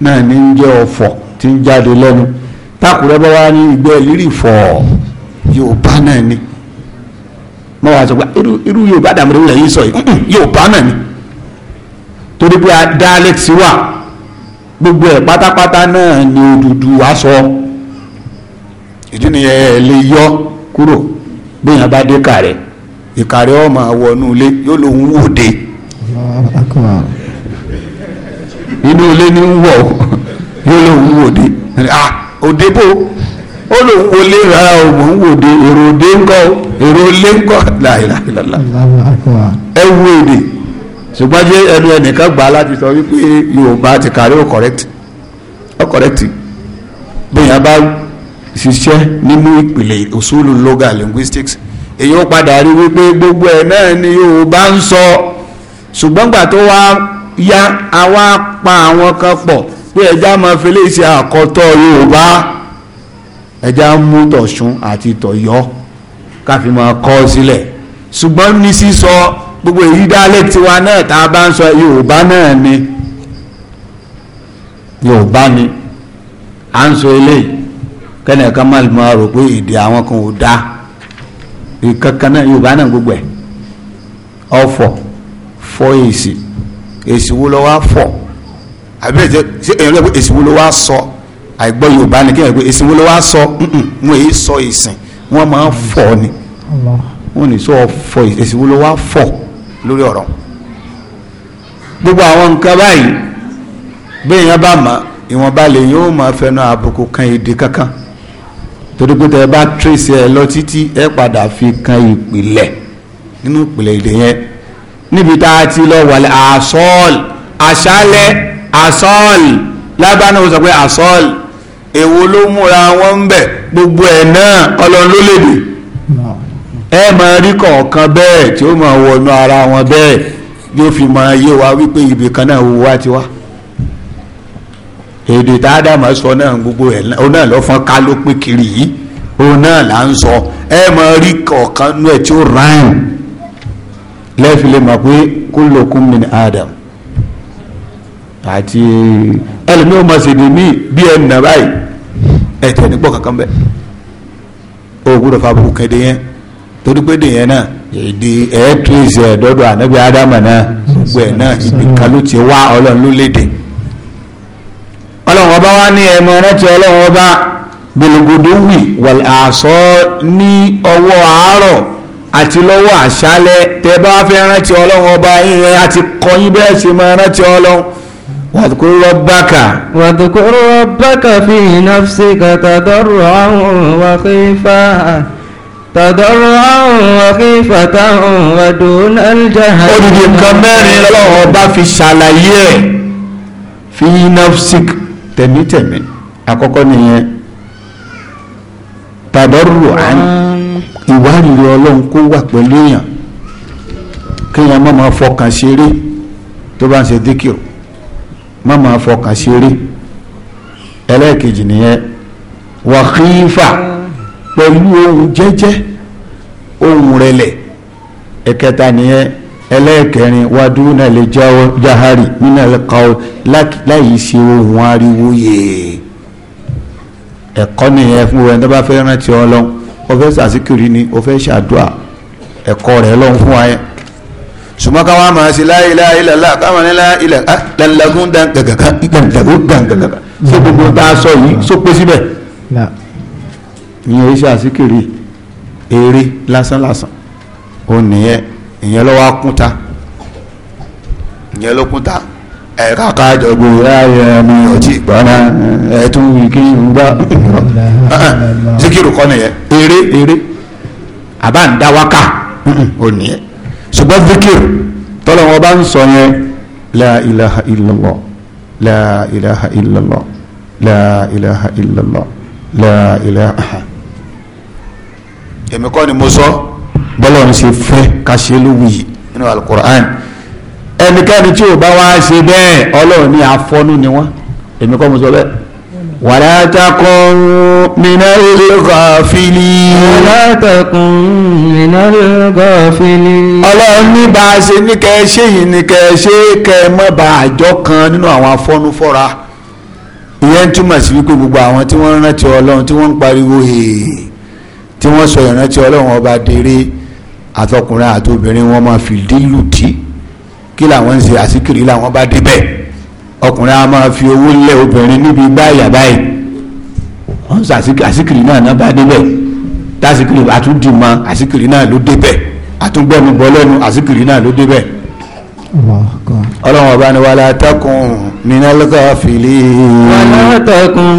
Speaker 1: náà ní ń jẹ́ ọ̀fọ̀ tí ń jáde lẹ́nu tákùrẹ́ bá wá ní ìgbẹ́ ìlírì fọ̀ yorùbá náà ni mo wá sọ pé irú yorùbá dàmú ló ń sọ yìí yorùbá náà ni torí pé dialect wà gbogbo ẹ̀ pátápátá náà ni Odùduwà sọ ìdí nìyẹn ẹ lè yọ kúrò bóyá bá dé kàrẹ́ ìkàrẹ́ ọmọ wọnú ilé yóò lòun wòde inú ilé ní wọ̀ yóò lòun wòde ah òde bò ó lò ń wọlé rárá o mò ń wòde èrò òde ń kọ́ èrò òlé ń kọ́ láìláìlọ́lá ẹ wo èdè ṣùgbọ́n jẹ́ ẹnu ẹnìkan gbà láti sọ wípé yorùbá ti kárí ó correct ó correct bóyá bá ṣiṣẹ́ nínú ìpìlẹ̀ òṣùlù local linguistics èyí ó padà rí wípé gbogbo ẹ̀ náà ni yorùbá ń sọ ṣùgbọ́n gbà tó wá ya àwa pa àwọn kan pọ̀ pé ẹja máa fi léṣe àkọ́tọ̀ yorùbá ẹja ń mú tọ̀sùn àti tọ̀yọ́ káfí máa kọ́ sílẹ̀ ṣùgbọ́n ní sísọ gbogbo èyí dálé tiwa náà tá a bá ń sọ yorùbá náà ni yorùbá ni à ń sọ eléyìí kẹ́nìkan má lè máa rò pé èdè àwọn kan ò dá ìkankan náà yorùbá náà gbogbo ẹ̀ ọ̀fọ̀ fọ èsì èsì wo ló wá fọ̀ àbí èsì wo ló wá sọ. So àìgbọ́ yorùbá ni kí n yẹ pé ìsìn wo ló wá sọ wọn èyí sọ ìsìn wọn máa ń fọ ni wọn ní sọ fọ ìsìn wo ló wá fọ lórí ọ̀rọ̀ gbogbo àwọn nǹkan báyìí bẹ́ẹ̀ yẹn bá mọ̀ ìwọ̀nba lè yóò máa fẹnu àbùkù kan èdè kankan torí pé tẹ bá tírèsì ẹ lọ títí ẹ padà fi kan ìpìlẹ̀ nínú ìpìlẹ̀ èdè yẹn níbi tá a ti lọ wàlẹ̀ àsọ́ọ̀lì àṣálẹ̀ àsọ́ọ̀lì lábánú sọ pé àsọ́ọ̀lì èwo ló múra wọn ń bẹ̀ gbogbo ẹ̀ náà ọlọ́run ló lédè ẹ máa rí kọ̀ọ̀kan bẹ́ẹ̀ tí ó máa wọnú ara wọn bẹ́ẹ̀ ni ó fi máa yé wa wípé ibì kan náà wo wá ti èdè tá a dá máa sọ náà gbogbo ẹ̀ náà lọ́fọ́n ká ló pé kiri yìí òun náà là ń sọ ẹ máa rí kọ̀ọ̀kan nú ẹ̀ tí ó ráìn lẹ́ẹ̀fi lè mọ̀ pé kullukum min Adam àti ẹlòmí ò ṣèdè mí bí ẹ nà báyìí ẹ tẹ kankan bẹ yẹn torí pé dèyẹn náà èdè ẹdọdọ náà gbogbo ẹ náà ibi ti wá Ọlọ́run ló léde Ọlọ́run ọba wa ní ẹmọ rántí Ọlọ́run ọba gbòlògbòdò wì wàlẹ àṣọ ní ọwọ́ àárọ̀ àti lọ́wọ́ tẹ bá fẹ́ rántí Ọlọ́run ọba yẹn àti kọyín bẹ́ẹ̀ ṣe واذكر ربك واذكر ربك في نفسك تضرعا وخيفا
Speaker 2: تضرعا وخيفة ودون الجهل odidi
Speaker 1: nǹkan mẹ́rin lọ́wọ́ bá fi ṣàlàyé ẹ̀ fi nafsik tẹ̀mítẹ̀mí àkọ́kọ́ nìyẹn tadorruan ìwárìrì ọlọ́run kó wà pẹ̀lú èèyàn kéèyàn má máa fọkàn ṣeré tó bá ń ṣe díkìrì mama máa fọkàn ṣeré ẹlẹ́ẹ̀kejì nìyẹn wàkífà pẹ̀lú ohun jẹ́jẹ́ ohun rẹlẹ̀ ẹ̀kẹta nìyẹn ẹlẹ́ẹ̀kẹrin wàdúnà lè jahari nínú ẹ̀kọ́ láì ṣe ohun ariwo yèè ẹ̀kọ́ nìyẹn fún ẹni tó bá fẹ́ rántí ọlọ́run ó fẹ́ ṣàṣíkiri ni ó fẹ́ ṣàdúà ẹ̀kọ́ rẹ̀ fún wa yẹn ṣùgbọ́n káwọn máa ṣe láyé láyé lálá káwọn ní láyé lálàgún dàǹgàgàgà gaga dàǹgàgàgà ṣé gbogbo tá a sọ yìí só pé síbẹ̀. ìyẹn iṣẹ́ àsìkiri eré lásánlásán ó nìyẹn ìyẹn lọ́wọ́ akúnta ìyẹn ló kúnta ẹ̀ka ya láyé mi ò tí gbọ́nà ẹ̀tún kí n gbọ́. síkírù kọ́ nìyẹn eré eré àbá ń dá wákà ó nìyẹn ṣùgbọ́n zikir tọ́lọ̀ wọn bá ń sọ yẹn la ilaha illallah la ilaha illallah la ilaha illallah la ilaha. èmi kọ́ ni mo sọ bọ́lá ń ṣe fẹ́ ká ṣe lówù yìí nínú alukur'an ẹnikẹ́ni tí ò bá wá ṣe bẹ́ẹ̀ ọlọ́run ní afọ́nú ni wọ́n èmi mo sọ bẹ́ẹ̀. ولا تكن من الغافلين ولا تكن من الغافلين ọlọ́run ní bá a ṣe ní kẹ́ ẹ ṣe yìí ní kẹ́ ẹ ṣe kẹ́ ẹ má ba àjọ kan nínú àwọn afọ́nufọ́ra ìyẹn túmọ̀ sí wípé gbogbo àwọn tí wọ́n rántí ọlọ́run tí wọ́n ń pariwo hèè tí wọ́n sọ ìrántí ọlọ́run ọba dèrè àtọkùnrin àtobìnrin wọn máa fi dílù dí kí làwọn ń ṣe àsìkiri làwọn bá débẹ̀ ọkùnrin a máa fi owó lé obìnrin níbi gbáyà báyìí wọ́n sọ àsìkiri náà náà bá débẹ̀ tásìkiri àtúndì mọ àsìkiri náà ló débẹ̀ àtúngbẹ̀mí bọ́ lẹ́nu àsìkiri náà ló débẹ̀ ọlọ́run ọba ni wà látẹ́kùn mìnàlùkọ́fìlì wà látẹ́kùn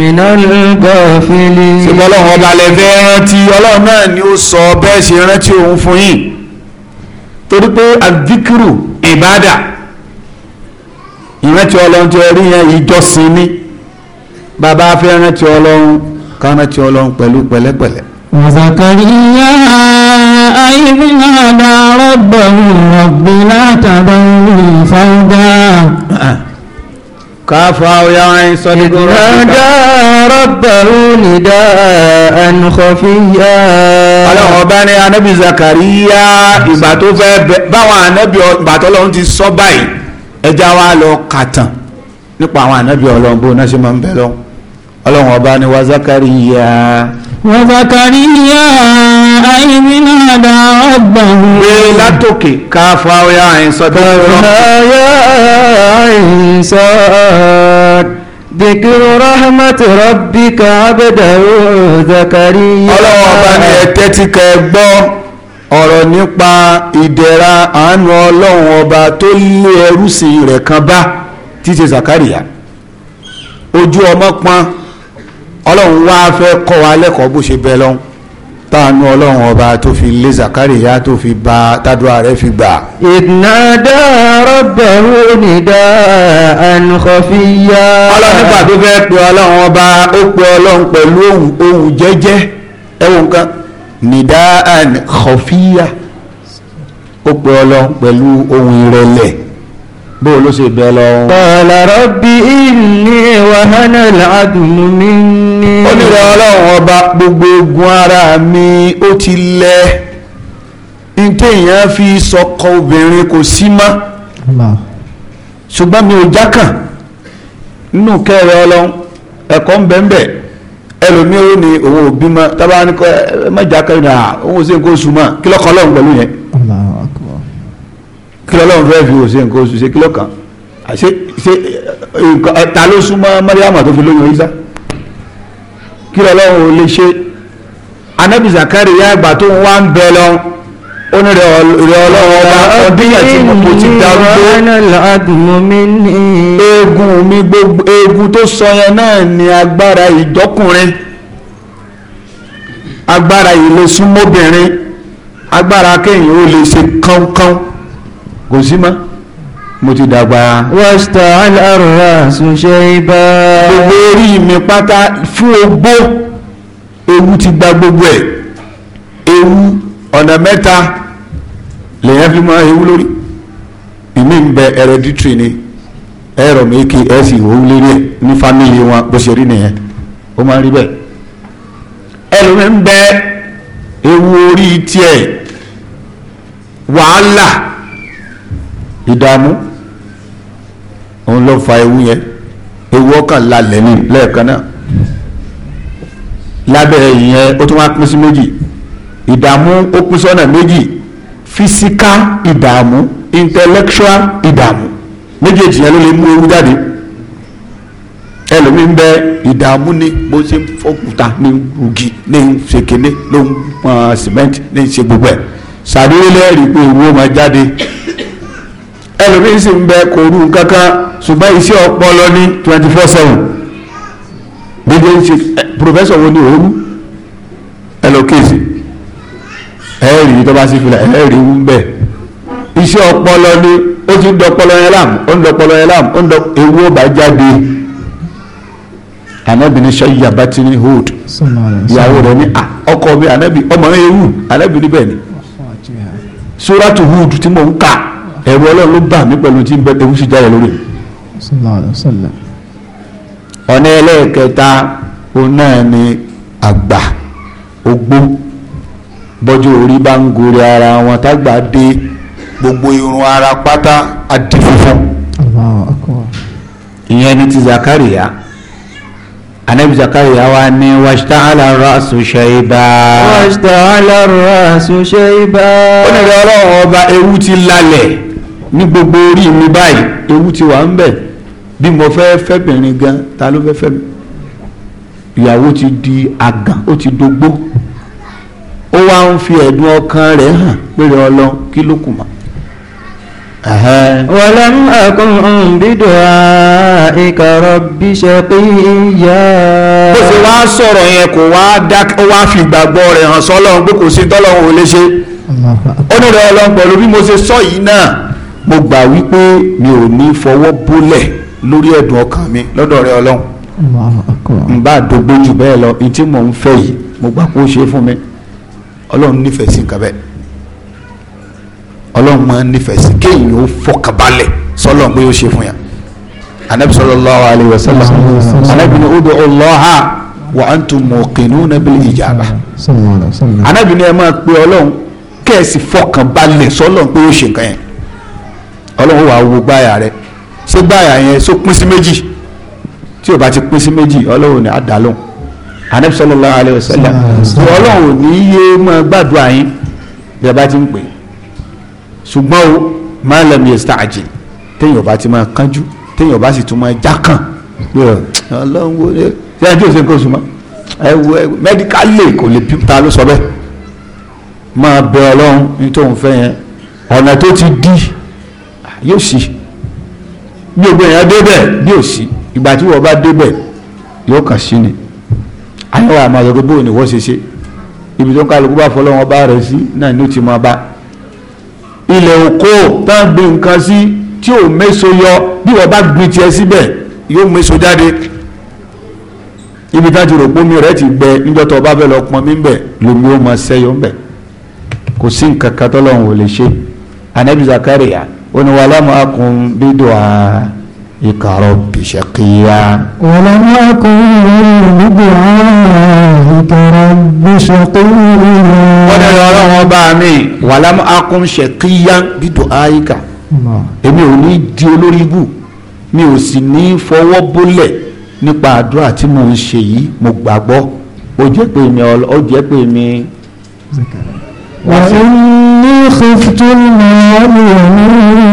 Speaker 1: mìnàlùkọ́fìlì sí ọlọ́run ọba lẹ́fẹ́ rántí ọlọ́run náà ni ó sọ bẹ́ẹ̀ ṣe rántí òun fún yín torí pé àdíkìrù ìbádà ìrántí ọlọ́run tí orí yẹn ìjọsìn ni bàbá fẹ́ rántí ọlọ́run ká rántí ọlọ́run pẹ̀lú pẹ̀lẹ́pẹ̀lẹ́.
Speaker 2: Zakariya ayébi náà dá rabbahu rabbi látàdánwó fáwọ́dá. káfà ọ̀yà ẹ̀yìn sọ́dọ̀ rẹ̀. dá rabbahu nidaan khafiyya.
Speaker 1: ọlọ́run ọba ní anábì Zakariya ìgbà tó fẹ́ báwọn anábì ìgbà tó lọ́run ti sọ báyìí ẹja wa lọ kàtàn nípa àwọn ànábì ọlọ́run bó náà ṣe máa ń bẹ lọ́wọ́ ọlọ́run ọba ni wa zakariya. wa zakariya àìmínà dá ọgbọ̀n. pé látòkè káfọ́ ọ̀yà àìsàn tó ń lọ. ọ̀yà àìsàn dìkìrù rahmat rabbika abẹ́dàwó zakariya. ọlọ́run ọba ni ẹ tẹ́tí kẹ́ gbọ́ ọ̀rọ̀ nípa ìdẹ̀ra àánú ọlọ́run ọba tó lé ẹrúsìn rẹ̀ kan bá títí Zakaria ojú ọmọ pọ́n ọlọ́run wá fẹ́ kọ́ wa lẹ́kọ̀ọ́ bó ṣe bẹ lọ́hùn táànú ọlọ́run ọba tó fi lé Zakariya tó fi ba tádùá rẹ̀ fi gbà.
Speaker 2: ìdínàdá rọ́bẹ̀rún nìdá ànúkọ̀fíyà. ọlọ́run nígbà
Speaker 1: tó fẹ́ pe ọlọ́run ọba ó pe ọlọ́run pẹ̀lú ohùn jẹ́jẹ́ ẹ̀wọ̀n kan nidaan kọfíà ó pe ọlọ́run pẹ̀lú ohun ìrẹ̀lẹ̀ bó ló ṣe bẹ lọ. qala rabbi inni wahana al-'admu minni. ó ní rẹ ọlọ́run ọba gbogbo ogun ara mi ó ti lẹ ntẹ̀yìn fi sọkọ obìnrin kò sí mọ́ ṣùgbọ́n mi ò jákàn nínú kẹrẹ ọlọ́run ẹ̀kọ́ ń bẹ́ẹ̀ bẹ́ẹ̀ ẹlòmíì ó ní òun ò bímọ tábà ní kọ́ ẹ mọ̀jà kẹrin à òun ò sí nǹkan oṣù mọ́ kí lọ́kàn ọlọ́run pẹ̀lú yẹn kí lọ́lọ́run fẹ́ fi ò sí nǹkan oṣù ṣe kí lọ́kàn ṣe ṣe ta ló súnmọ́ mọ́ríàmà tó fi lóyún ìsá kí ò lè ṣe anábì Zakariya àgbà tó ń wá ń bẹ lọ́run ó ní rẹ̀ ọlọ́run ọba ọdún yà tí mo ti darúgbó eegun mi gbogbo eegun tó sọ yẹn náà ni agbára ìjọkùnrin agbára ìlẹsùnmọ́bìnrin agbára kéèyàn ó lè ṣe kánkán kò sí mọ́ mo ti dàgbà. wọ́stà alárùrà ṣùṣe ibà. gbogbo orí mi pátá fún ogbó ewu ti gba gbogbo ẹ̀ ewu ọ̀nà mẹ́ta lèyàn fi máa ewu lórí ìmí ń bẹ hereditary ni ẹ̀rọ méjì ẹ̀ sì wọ́n lérí ẹ̀ ní fámìlì wọn bó ṣe rí nìyẹn ó máa rí bẹ́ẹ̀ ẹlòmí ń bẹ ewu orí tiẹ̀ wàhálà ìdààmú òun ló fa ewu yẹn ewu ọkàn lalẹ̀ ní lẹ́ẹ̀kan náà lábẹ́ ìyẹn ó tún wá pín sí méjì ìdààmú ó pín sọ́nà méjì physical ìdààmú intellectual ìdààmú méjèèjì yẹn ló lè mú ewu jáde ẹlòmíín bẹ ìdààmú ni bó ṣe ń fọkùtà ní rugi ní ń ló ń pọn cement ní ń ṣe gbogbo ẹ sàdéhùn lẹ́rìí pé owó máa jáde ẹlòmíín sì ń bẹ kòrú kankan ṣùgbọ́n iṣẹ́ ọpọlọ ní twenty four seven gbogbo ń ṣe professor wo ni òun ẹlòkéèsì. ẹ̀ẹ́rì tó bá sí filẹ̀ ẹ̀ẹ́rì ń bẹ̀ ni ó ti ń dọpọlọ yẹn láàmú ó ń dọpọlọ yẹn ewu ọba jáde anabi ni sọyà ni hood ìyàwó rẹ ni ọkọ mi anabi ọmọ ewu anabi ni bẹ́ẹ̀ ni hood tí ń kà ọlọ́run ló bà mí pẹ̀lú tí bẹ ewu sì jáde lórí ọ̀nà ẹlẹ́ẹ̀kẹta ni àgbà ogbó. bọ́jọ́ orí bá ń gorí ara wọn tágbà dé gbogbo irun ara pátá àti ìyẹn ni ti Zakariya anabi Zakariya wa ni wàṣítà alára àṣùṣe ibà. wàṣítà alára àṣùṣe ibà. ó ní rẹ ọlọ́run ọba ewu ti lálẹ̀ ní gbogbo orí mi báyìí ewu ti wà ń bẹ̀ bí mo fẹ́ fẹ́bìnrin gan ta ló fẹ́ fẹ́ mi ìyàwó ti di àgàn ó ti dogbó ó wá ń fi ẹ̀dùn ọkàn rẹ̀ hàn pèrè ọlọ kí ló kù mọ́. wàlámù àkùnrin bídò ìkàrọ̀ bí ṣe pé yá. bó ṣe wá sọ̀rọ̀ yẹn kò wá dá ó wá fi ìgbàgbọ́ rẹ̀ hàn sọ́lọ́run pé kò sí tọ́lọ́run ò lè ṣe. ó ní rẹ̀ ọlọ́run pẹ̀lú bí mo ṣe sọ yìí náà mo gbà wípé mi ò ní fọwọ́ bólẹ̀ lórí ẹ̀dùn ọkàn mi lọ́dọ̀ rẹ̀ ọlọ́run. n bá dogbo jù bẹ́ẹ̀ lọ ní tí mò ń fẹ́ yìí mo gbà kó ṣe fún mi ọlọ́run nífẹ̀ẹ́ sí nǹkan bẹ́ẹ̀ ọlọ́run máa ń nífẹ̀ẹ́ sí kéèyàn ó fọkàbalẹ̀ sọlọ́run pé ó ṣe fún yàn anabi sallallahu alayhi wa sallam anabi ni udu allaha wa antum muqinuna bil ijaba anabi ni ẹ máa pe ọlọ́run kẹ́ẹ̀sì fọkànbalẹ̀ sọlọ́run pé ó ṣe nǹkan yẹn ọlọ́run wàá wo gbáyà rẹ ṣé gbáyà yẹn só pín sí méjì tí ò bá ti pín sí méjì ọlọ́run ni á dá lóhùn anabi sallallahu alayhi wa sallam ọlọ́run ò ní yé máa gbàdúrà yín bí a bá ti ń pè ṣùgbọ́n o máa lẹ́nu yẹn sta'jil téèyàn bá ti máa kánjú téèyàn bá sì tún máa jákàn ọlọ́run wo ṣé ẹni tí nǹkan oṣù mọ́ ẹ wo mẹ́díkálì kò lè bí ta ló sọ bẹ́ẹ̀ máa bẹ ọlọ́run ní tóun fẹ́ yẹn ọ̀nà tó ti di yóò sí bí gbogbo èèyàn débẹ̀ yóò sí ìgbà tí wọ́n bá débẹ̀ yóò kàn sí ni àyẹ̀wò àmọ́ àjọ pé bóyá ni wọ́n ṣe ṣe ibi tó ń kálukú bá fọlọ́wọ́n bá rẹ̀ sí náà ni ó ti máa bá ilẹ̀ oko tá à ń gbin nǹkan sí tí ò méso yọ bí wọ́n bá gbin tiẹ̀ síbẹ̀ yóò méso jáde ibi tá ti rò pómi rẹ̀ ti gbẹ níjọ́ tó o bá fẹ́ lọ pọn mí bẹ̀ lómi ó máa ṣẹ́yọ ń bẹ̀ kò sí nǹkan kan tọ́lọ́run ò lè ṣe anabi Zakaria ó ní wàhálà àá. بك رب شقيا ولم أكن بدعائك رب شقيا wọ́n ní ọlọ́run ọba mi ولم أكن شقيا بدعائك èmi ò ní di olórí ibù mi ò sì ní fọwọ́ bólẹ̀ nípa àdúrà tí mo ń ṣe yìí mo gbàgbọ́ ó jẹ́ pé mi ó jẹ́ pé mi.
Speaker 2: wà á ní kòtò náà wà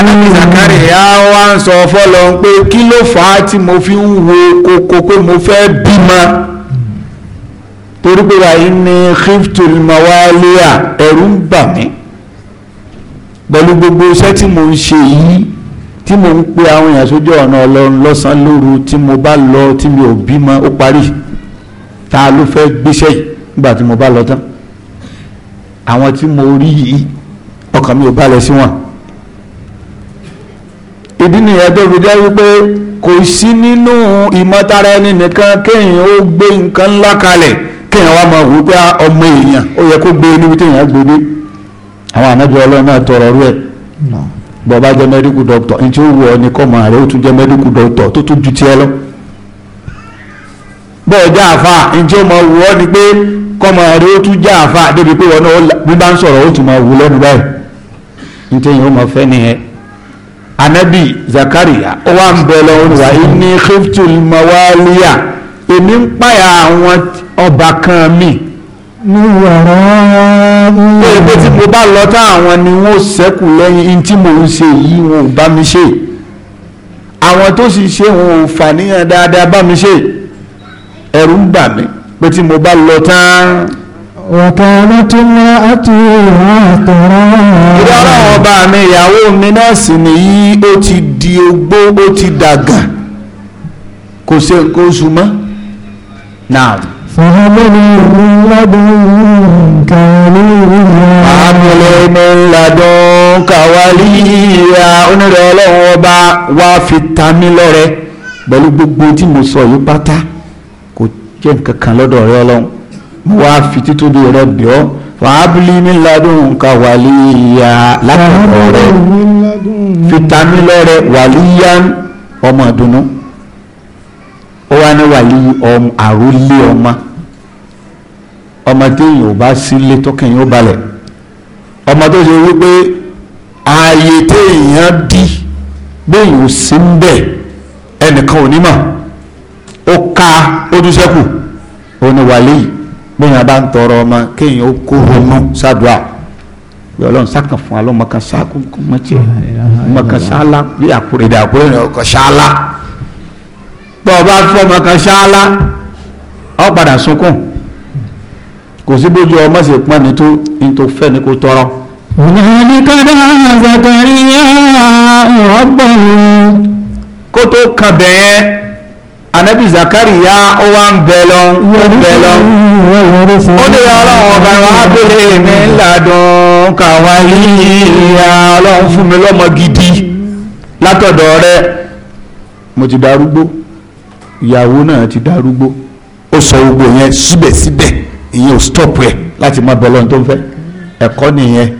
Speaker 1: Anábì Zakariya wá ń sọ fọ́lọ́ pé kí ló fà á tí mo fi ń wo koko pé mo fẹ́ bímọ torí pé wàá ní khiftul mawaliya ẹ̀rù ń bà mí pẹ̀lú gbogbo iṣẹ́ tí mo ń ṣe yìí tí mo ń pe àwọn èèyàn sójú ọ̀nà ọlọ́run lọ́sàn-án lóru tí mo bá lọ tí mi ò bímọ ó parí ta ló fẹ́ gbéṣẹ́ yìí nígbà tí mo bá lọ tán àwọn tí mo rí yìí ọkàn mi ò balẹ̀ sí wọn ìdí nìyẹn tó fi jẹ́ wípé kò sí nínú ìmọ̀tara ẹni nìkan kéèyàn ó gbé nǹkan ńlá kalẹ̀ kéèyàn wá máa wò pé ah, ọmọ èèyàn ó yẹ kó gbé e níbi téèyàn gbé e dé àwọn ànábì ọlọ́run náà tọrọ rú ẹ̀ bọ́ọ̀ jẹ́ mẹ́díkù dọ́kítọ̀ ní tí ó wù ọ́ ní kọ́mọ rẹ̀ ó tún jẹ́ mẹ́díkù dọ́kítọ̀ tó tún ju tiẹ̀ lọ bọ́ọ̀ àfa ní tí ó máa wù ọ́ ni pé kọ́mọ rẹ̀ ó tún já àfa débi pé wọn náà bí bá ń sọ̀rọ̀ ó tún máa wù lẹ́nu báyìí ntẹ̀yìn ó mọ̀ fẹ́ nìyẹn anabi Zakaria ó wà ń bẹ lọ́wọ́ wa inni khiftul mawaliya èmi ń páyà àwọn ọba kan mi. mo wàrà ó. pé tí mo bá lọ tá àwọn ni wọn ṣẹ́kù lẹ́yìn tí mò ń ṣe yìí wọn ò bá mi ṣe àwọn tó sì ṣe wọn ò fàníyàn dáadáa bá mi ṣe ẹ̀rù ń bà mí pé tí mo bá lọ tán. وكانت امرأتي عاقرا ìdí ọlọ́run ọba mi ìyàwó mi náà sì nìyí ó ti di ogbó ó ti dàgbà kò ṣe nǹkan oṣù mọ́ náà. fàhámẹ́lì mi ládùn
Speaker 2: kàwálí ìyá. fàhámẹ́lì mi ládùn
Speaker 1: kàwálí ìyá onírẹ̀ ọlọ́run ọba wá fi ta mí lọ́rẹ pẹ̀lú gbogbo tí mo sọ yìí pátá kò jẹ́ nǹkan kan lọ́dọ̀ ọ̀rẹ́ ọlọ́run mo wá fi títóbi rẹ bì ọ́ fàábìlì mi ládùn ka wàlíyà látọ̀rọ̀ rẹ fitami lọ́rẹ wàlíyà ọmọ ìdùnnú ó wá ní wàlíyì àrólé ọmọ ọmọ téèyàn ò bá sílé tọkẹyìn ó balẹ̀ ọmọ tó ṣe wípé ààyè téèyàn dì béèyàn ò sí ń bẹ̀ ẹnìkan ò ní mọ̀ ó ká ó dúṣẹ́kù ó ní wàlíyì bẹ́yìn bá ń tọrọ ọmọ kéèyàn ó kó ronú sádùá bí ọlọ́run sákàn fún wa lọ́mọ kan sáà kún kún mọ́tì ọmọ kan sáàlá bí àkúrẹ́ dà àkúrẹ́ rẹ̀ ọkọ̀ sáàlá pọ̀ bá fún ọmọ kan sáàlá ọ padà sunkún kò sí bójú ọmọ sì pọ́n ní tó ní tó fẹ́ ní kó tọrọ. هنالك دعا زكريا ربه kó tó kan bẹ́ẹ̀ anabi zakariya ó wá ń bẹ lọ ń bẹ lọ ó dé ọlọ́run ọba wa abẹ́lé mi ńládùn kàwá yíya ọlọ́run fún mi lọ́mọ gidi látọ̀dọ̀ rẹ mo ti darúgbó ìyàwó náà ti darúgbó ó sọ gbogbo yẹn síbẹ̀síbẹ̀ ìyẹn ò stop ẹ̀ láti má bọ́lọ́n tó ń fẹ́ ẹ̀kọ́ nìyẹn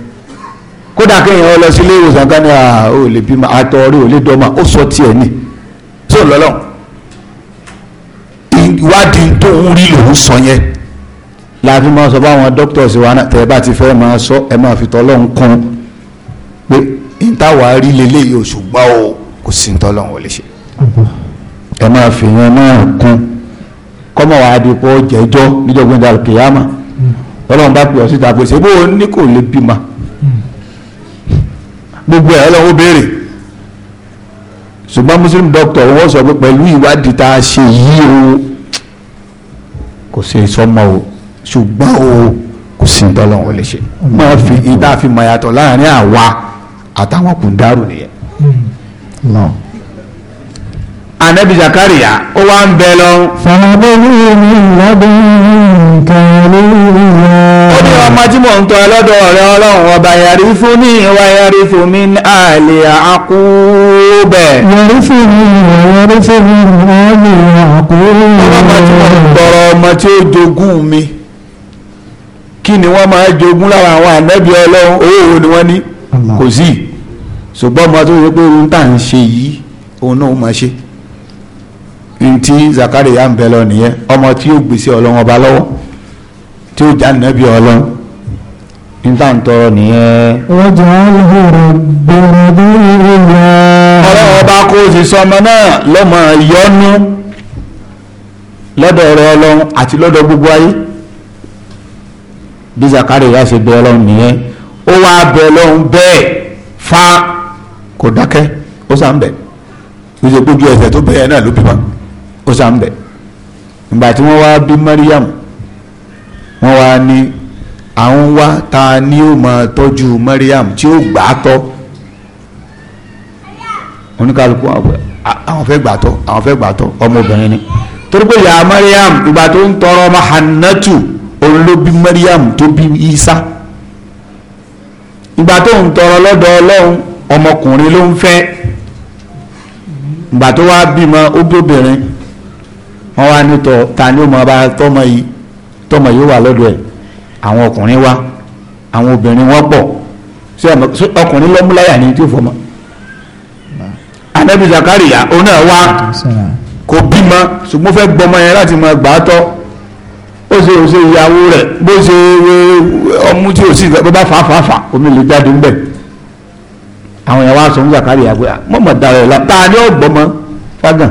Speaker 1: kódà kéèyàn lọ sí ilé ìwòsàn kan ní à ó lè bímọ àtọ̀ rí ò lè dọ́mà ó sọ tiẹ̀ ní sóò ìwádìí tó ń rí lòún sọ yẹn. la máa sọ báwọn doctors wa náà tẹ̀ bá ti fẹ́ máa sọ ẹ máa fi tọ́lọ́hún kún pé ìtawà rí leléyìí o ṣùgbọ́n o kò sí tọ́lọ́hún ò lè ṣe. ẹ máa fi yẹn náà kún kọ́mọ̀ wàá di pọ́ jẹ́jọ́ níjọ́gbọ́n dàrú kìyàmà ọlọ́run bá pè ọ́ síta pé ṣé o ní kò lè bímọ gbogbo ẹ̀ ọlọ́run béèrè ṣùgbọ́n muslim doctor wọ́n sọ pé pẹ̀lú ìwádìí tá a ṣe yìí o kò sí sọmọ o ṣùgbọ́n o kò sí tọ́lọ́run ó lè ṣe máa fi ìdá fi mọ̀ yàtọ̀ láàrin àwa àtàwọn kùndàrú nìyẹn.
Speaker 2: Hmm
Speaker 1: anabi Zakaria, ó wá ń bẹ lọ. fàbẹ́lẹ́ mi lábẹ́ nǹkan
Speaker 2: lórí rẹ̀. ó ní ọmọ tí mò ń tọ́ lọ́dọ̀ ọ̀rẹ́ ọlọ́run ọba yàrí fún ní ìwà
Speaker 1: yàrí fún mi àlè àkúbẹ̀. yàrí fún mi yàrí fún mi àlè àkúbẹ̀. ọmọ tí mò ń tọrọ ọmọ tí ó jogún mi kí ni wọ́n máa jogún lára àwọn anabi ọlọ́run owó wo ni wọ́n ní kò sí ṣùgbọ́n ọmọ tó yẹ pé ohun tá à ń ṣe yìí òun náà máa ṣe ntí Zakariya ń bẹ lọ nìyẹn ọmọ tí yóò gbèsè ọlọ́wọ́n ọba lọ́wọ́ tí yóò já nàbí ọlọ́wọ́ níta ń tọrọ nìyẹn. ọjà àlùhùrù bẹ̀rẹ̀ bí ìwé. ọlọ́wọ́ bá kó o sì sọmọ náà lọ́mọ yọnu lọ́dọ̀ ọ̀rọ̀ ọlọ́run àti lọ́dọ̀ gbogbo ayé bí Zakariya ṣe bẹ ọlọ́run nìyẹn ó wá bẹ ọlọ́run bẹ́ẹ̀ fa kò dákẹ́ ó sà ń bẹ̀ ó ṣe gbójú ẹsẹ̀ tó bẹ̀rẹ̀ náà ló bí wọn ó sàn bẹ̀ ìgbà tí wọ́n wá bí Mariam wọ́n wá ní àwọn wá ta ni ó máa tọ́jú Mariam tí ó gbà á tọ́ oníkàlùkù àwọn fẹ́ gbà tọ́ àwọn fẹ́ gbà tọ́ ọmọbìnrin ni
Speaker 2: torí pé ìyá Mariam ìgbà tó ń
Speaker 1: tọrọ ọmọ Hannatu òun ló bí Mariam tó bí Isa ìgbà tó ń tọrọ lọ́dọ̀ Ọlọ́run ọmọkùnrin ló ń fẹ́ ìgbà wá bímọ ó bí obìnrin wọ́n wá nítọ̀ ta ni ó mọ bá tọ́mọ yìí tọ́mọ yìí wà lọ́dọ̀ ẹ̀ àwọn ọkùnrin wá àwọn obìnrin wọ́n pọ̀ ṣé ọkùnrin lọ́múláyà ni tí ó fọmọ. anabi zakariya òun náà wá kò bímọ ṣùgbọ́n fẹ́ gbọmọ yẹn láti mọ gbà á tọ́ ó ṣe ó ṣe ìyàwó rẹ̀ bó ṣe ọmú tí ò sí bó bá fàáfàáfà omi lè jáde ńbẹ̀ àwọn yẹn wá sọ fún zakariya pé ah, mọ̀mọ́ dára ẹ̀ la ta ni ó gbọmọ fagàn.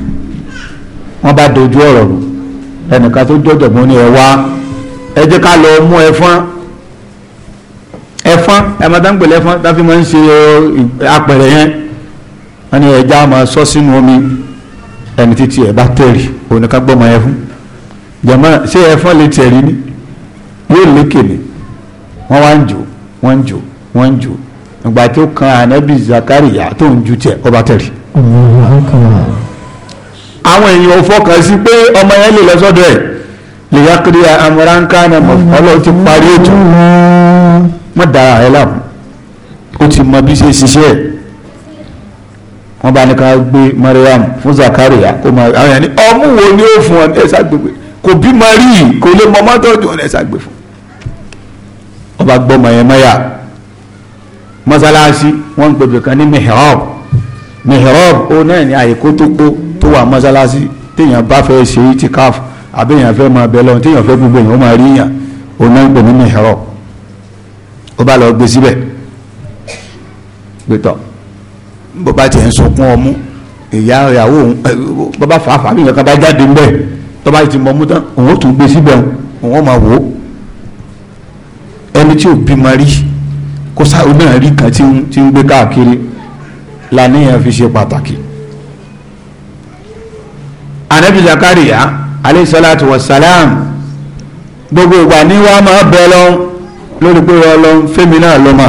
Speaker 1: wọ́n bá dojú ọ̀rọ̀ rù ẹnìkan tó jọ̀jọ̀gbọ́n ní ẹ wá ẹ jẹ́ ká lọ mú ẹfọ́n ẹfọ́n ẹ̀mọ́dáńgbèlé ẹfọ́n dáfí máa ń ṣe apẹ̀rẹ̀ yẹn wọ́n ní ẹja máa sọ sínú omi ẹni títí ẹ̀ bá tẹ̀rì òun ká gbọ́mọ ṣé ẹfọ́n lè tẹ̀rì ni yóò lékè ni wọ́n wá ń jò wọ́n ń jò wọ́n ń jò ìgbà tó kan ànábì Zakariya tó ń ju tiẹ̀ ọba tẹ̀rì àwọn èèyàn ò fọkàn sí pé ọmọ yẹn lè lọ sọ́dọ̀ ẹ̀ lè yá kiri amúránkà náà mọ̀ ọlọ́run ti parí ètò mọ̀ dára ẹ̀ láàmú ó ti mọ bí ṣe ṣiṣẹ́ ẹ̀ wọ́n bá ní ká gbé mariam fún zakaria kó máa àwọn yẹn ọmú wo ni ó fún ọ ní ẹ̀sà gbègbè kò bí mari kò lè mọ mọ́tọ́jú ọ ní ẹ̀sà gbè fún ọba gbọ́mọ yẹn mọ́yà mọ́sálásí wọ́n ń pèbè kan ní mihrab mihrab ó náà ní àyíkó tó kó tó wà mọ́sálásí téèyàn bá fẹ́ ṣe itikaf àbẹ́yàn fẹ́ máa bẹ lọ téèyàn fẹ́ gbogbo èèyàn ó máa rí yàn ó náà ń pè nínú ìhẹ́rọ̀ ó bá lọ gbé síbẹ̀ gbẹtọ̀ bó bá tiẹ̀ ń sunkún ọmú ìyá ìyàwó bàbá fàáfàá bí nǹkan bá jáde ń bẹ̀ tó bá ti mọ ọmú tán òun ó tún gbé síbẹ̀ òun ó máa wò ó ẹni tí ò bímọ rí kó sáré náà rí kan tí ń gbé káàkiri la fi ṣe pàtàkì anabi zakariya alayhi salatu wa salam gbogbo ìgbà ní wàá máa bẹ lọ lórí pé Ọlọ́run fẹ́mi náà lọ́mọ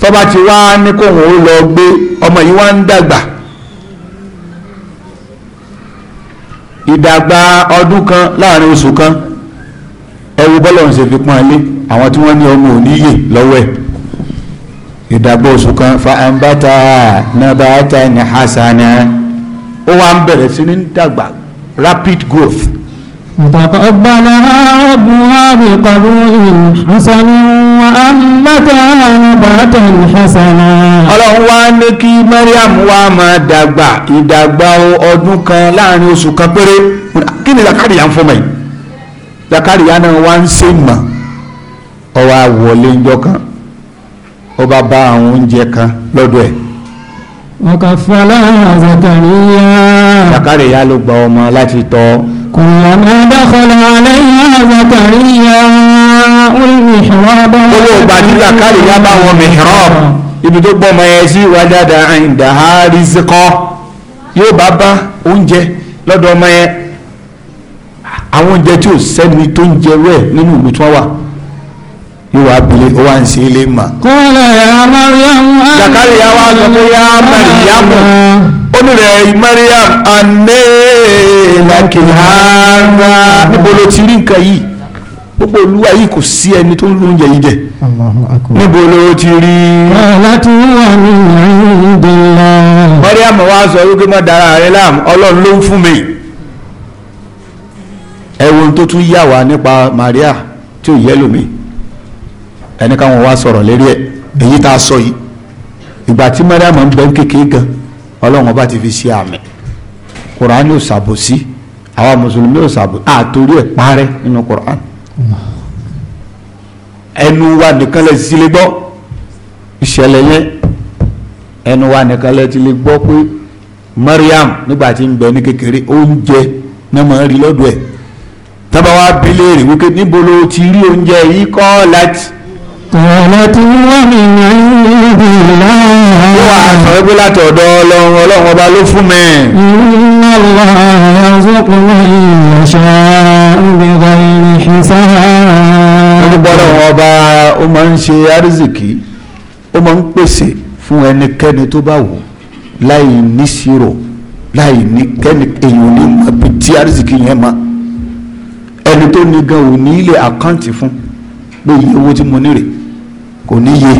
Speaker 1: tọ́ba ti wá ní kóhùn ó lọ gbé ọmọ yìí wá ń dàgbà ìdàgbà ọdún kan láàrin oṣù kan ẹwu bọ́lọ̀ ń ṣe fi pọ́n alé àwọn tí wọ́n ní ọmọ òníyè lọ́wọ́ ẹ̀ ìdàgbà oṣù kan fa àǹbátà nàbàtà ní hasana. ó wá ń bẹ̀rẹ̀ sí ní dàgbà rapid growth.
Speaker 2: mùtàkọ́gbàlára ọ̀gbìn àbíkọ̀rú ìhànsánú àmàtàlá bàtà ìhànsánú.
Speaker 1: ọlọ́run wá ní kí mariam wá máa dàgbà ìdàgbà ọdún kan láàrin oṣù kan péré kí ni zakariya ń fọmọ yìí zakariya náà wá ń ṣe mọ̀ ọwọ́ àwọlé ńjọ kan ọba bá àwọn oúnjẹ kan lọ́dọ̀ ẹ̀. ọkọ̀fọ́lá àzàkàríyá ya ló gba ọmọ láti tọ́ kùnlọ́nà dákọ̀lá aláìyá àzàkàríyá olùmìṣọ́wọ́bá owó ìgbà tí Zakariya ya. wọn mihrab ibi tó yóò wá bilé ó wá ń ṣe ilé mà. kọ́lẹ̀ ya mariam. zakariya wa sọ pé ya mariam onírẹ̀ mariam anẹ́ lakihara níbo ló ti rí nǹkan yìí gbogbo olúwa yìí kò sí ẹni tó ń lo oúnjẹ yìí jẹ níbo ló ti rí. láti wà ní ìdílé. mariam wa sọ wípé má dára rẹ láàmú ọlọ́run ló ń fún mi ẹ wo ohun tó tún yà wá nípa maria tí ò yẹ lómi ẹni káwọn wá sọ̀rọ̀ lérí ẹ̀ èyí tá a sọ yìí ìgbà tí mariam ń bẹ kékeré gan ọlọ́run ọba ti fi ṣe àmì kùránì ò ṣàbòsí àwa mùsùlùmí ò ṣàbòsí àtòrí ẹ̀ parẹ́ nínú kùránì ẹnu wa nìkan lè sílé gbọ́ ìṣẹ̀lẹ̀ yẹn ẹnu wa nìkan lè ti lè gbọ́ pé mariam nígbà tí ń bẹ ní kékeré oúnjẹ náà máa ń rí lọ́dọ̀ ẹ̀ tábà wá bí léèrè wípé níbo ló ti rí oúnjẹ yìí kọ́ láti. قالت هو من عند الله wà á sọ wípé láti ọ̀dọ̀ ọlọ́run ọlọ́run ọba ló fún mi. inna Allaha
Speaker 2: yarzuqu man yasha'u bighayri hisab.
Speaker 1: orúkọ ọlọ́run ọba ó máa ń ṣe àrísìkí ó máa ń pèsè fún láì ní kẹ́ni èèyàn ní àbí tí àrísìkí yẹn ma ẹni tó ní gan ò ní ilé àkáǹtì fún pé iye owó tí mo ní kò níye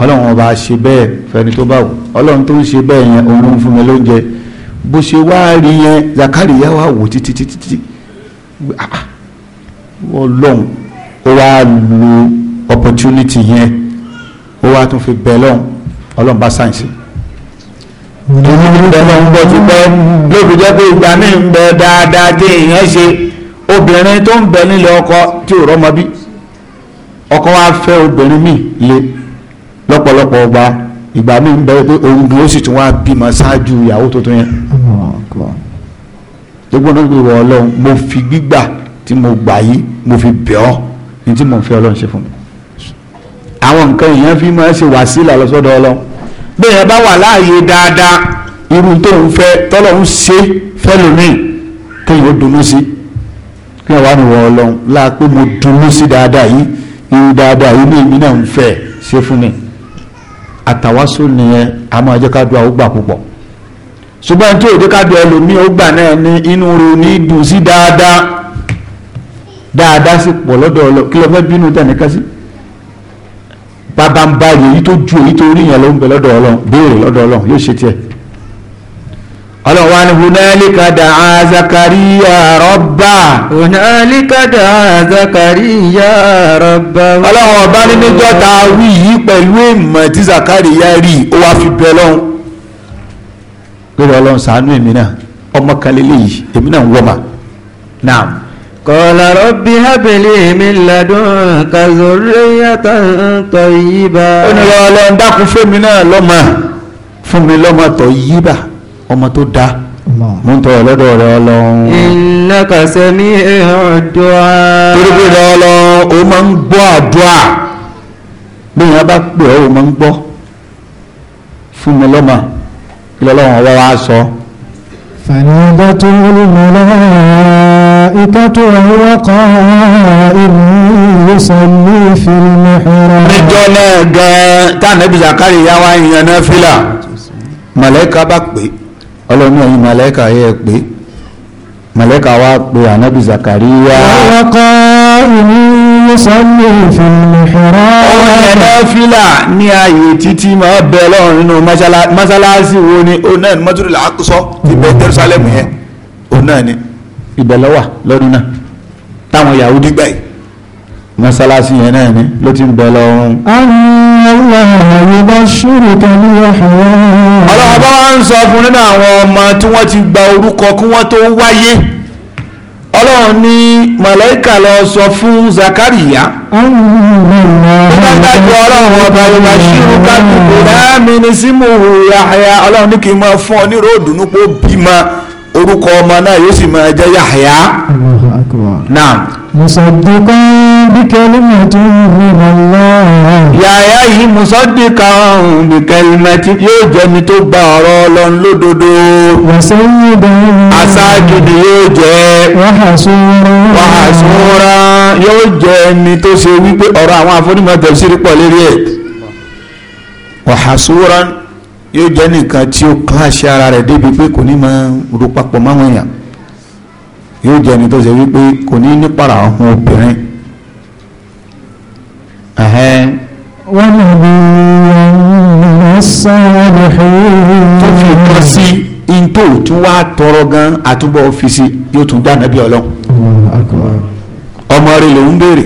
Speaker 1: ọlọ́run ọba ṣe bẹ́ẹ̀ fẹni tó bá wù ọlọ́run tó ń ṣe bẹ́ẹ̀ yẹn òun ló ń fún mi lóúnjẹ bó ṣe wá rí yẹn Zakariya wà wò títí títí títí ah, ọlọ́run ó wá lu opportunity yẹn ó wá tún fi bẹ̀ lọ́run ọlọ́run bá sáyẹ̀nsì èmi ní bẹ̀rẹ̀ ń bọ̀ ti pẹ́ lóbi jẹ́ pé ìgbà mi ń bẹ dáadáa tí èèyàn ṣe obìnrin tó ń bẹ nílé ọkọ tí ò rọ́mọ bí ọkọ wa fẹ́ obìnrin mi le lọ́pọ̀lọpọ̀ ọgbà ìgbà míì ń bẹ̀rẹ̀ pé òun bí ó sì tún wá bímọ ṣáájú ìyàwó tuntun yẹn gbogbo náà gbogbo ọlọ́run mo fi gbígbà tí mo gbà yìí mo fi bẹ̀ ọ́ ní tí mo fẹ́ ọlọ́run ṣe fún mi àwọn nǹkan èèyàn fi máa ṣe wàsílà lọ́sọ́dọ̀ ọlọ́run bẹ́ẹ̀ yẹn bá wà láàyè dáadáa irú tó ń fẹ́ tọ́lọ̀ ń ṣe fẹ́ lómìn kéèyàn ó dunnú sí kéèyàn wà ní wọ ọlọ́run láà mo dunnú sí dáadáa yìí irú dáadáa ilé èmi náà ń fẹ́ ṣe fún mi àtàwásó nìyẹn a máa jẹ́ ká dúà ó gbà púpọ̀ ṣùgbọ́n tí òde ká dúà ẹlòmíì ó gbà náà ní inú ro ní dùn sí dáadáa dáadáa sì pọ̀ lọ́dọ̀ ọlọ kí ló fẹ́ bínú tẹ̀nìkan sí bàbá ń bá yèyí tó ju èyí tó rí yẹn ló ń bẹ lọ́dọ̀ ọlọ béèrè lọ́dọ̀ ọlọ yóò ṣe tiẹ̀ ọlọ́wà ní hunalika da'a zakariya rabba hunalika da'a zakariya rabba ọlọ́wà bá ní níjọ́ ta wí yìí pẹ̀lú èmọ̀ tí zakariya rí ó wá fi bẹ lọ́hùn lórí ọlọ́run ṣàánú èmi náà ọmọ kan lélẹ́yìí èmi náà ń wọ́ ma náà Qala rabbi habli min ladunka zurriyatan tayyiba. ó ní lọ́ọ́ dákun fún mi náà lọ́mọ fún mi lọ́mọ tọ̀ yí ọmọ tó dáa mo ń tọrọ lọ́dọ̀ rẹ ọlọ́run. innaka sami'ud du'a. torí pé rẹ ọlọ́run o máa ń gbọ́ àdúrà lóyún a bá pè ọ́ o máa ń gbọ́ fún mi lọ́mọ ìlọ́lọ́run ọwọ́ wa sọ.
Speaker 2: fanadatul malaikatu wa qa'imun yusalli fil mihrab. níjọ́
Speaker 1: náà gan-an tá ànábì Zakariya wá ìyànná fìlà màlẹ́ka bá pè é ọlọ́run ẹ̀yin màlẹ́kà yẹ pé màlẹ́kà wá pé ànábì zakariya ọkọ̀ ìmúsọ́lẹ̀ ìfìlìfìrọ́ ọwọ́ ẹ̀dá fílà ní ààyè títí máa bẹ lọ́rùn nínú mọ́sálásí wo ni ó náà mọ́tòrò làákùsọ́ ti bẹ yẹn ó náà ni ìbẹ̀lọ́wà lọ́dún náà táwọn Yahudi gbà yìí mọ́sálásí yẹn náà ni ló ti ń bẹ lọ́rùn. ọlọ́wọ́ bá wá ń sọ fún nínú àwọn ọmọ tí wọ́n ti gba orúkọ kí wọ́n tó wáyé ọlọ́run ní màláíkà lọ sọ fún Zakariya nígbàgbọ́ ọlọ́run ọba yorùbá ṣírù kájúkù láàmì ní símù Yahya ọlọ́run ní kí n máa fún ọ ní ròdùnú pé bímọ orúkọ ọmọ náà yóò sì máa jẹ́ Yahya.
Speaker 2: Naam. Musaddiqan bi kalimatin min Allah. ya yìí musaddiqan bi kalimatin yóò jẹni tó gba ọ̀rọ̀ Ọlọ́run lódodo. Wàsáyédàn.
Speaker 1: yo je, jẹ́. Wàhásúra. Wàhásúra yóò jẹ́ ẹni tó ṣe wípé ọ̀rọ̀ àwọn àfonímọ̀ tẹ̀sírí pọ̀ lérí ẹ̀. Wàhásúra yóò jẹ́ nìkan tí ara rẹ̀ débi pé kò ní máa rò papọ̀ máwọn èèyàn yóò jẹ́ ẹni tó ṣe wípé kò ní ní para ọ̀hún obìnrin. wọ́n ní bí wọ́n sáré tó fi kọ́ sí intó tí wọ́n á tọrọ gan àtúbọ̀ ọ́fíìsì yóò tún dáná bí ọlọ́run ọmọ rẹ̀ lòún béèrè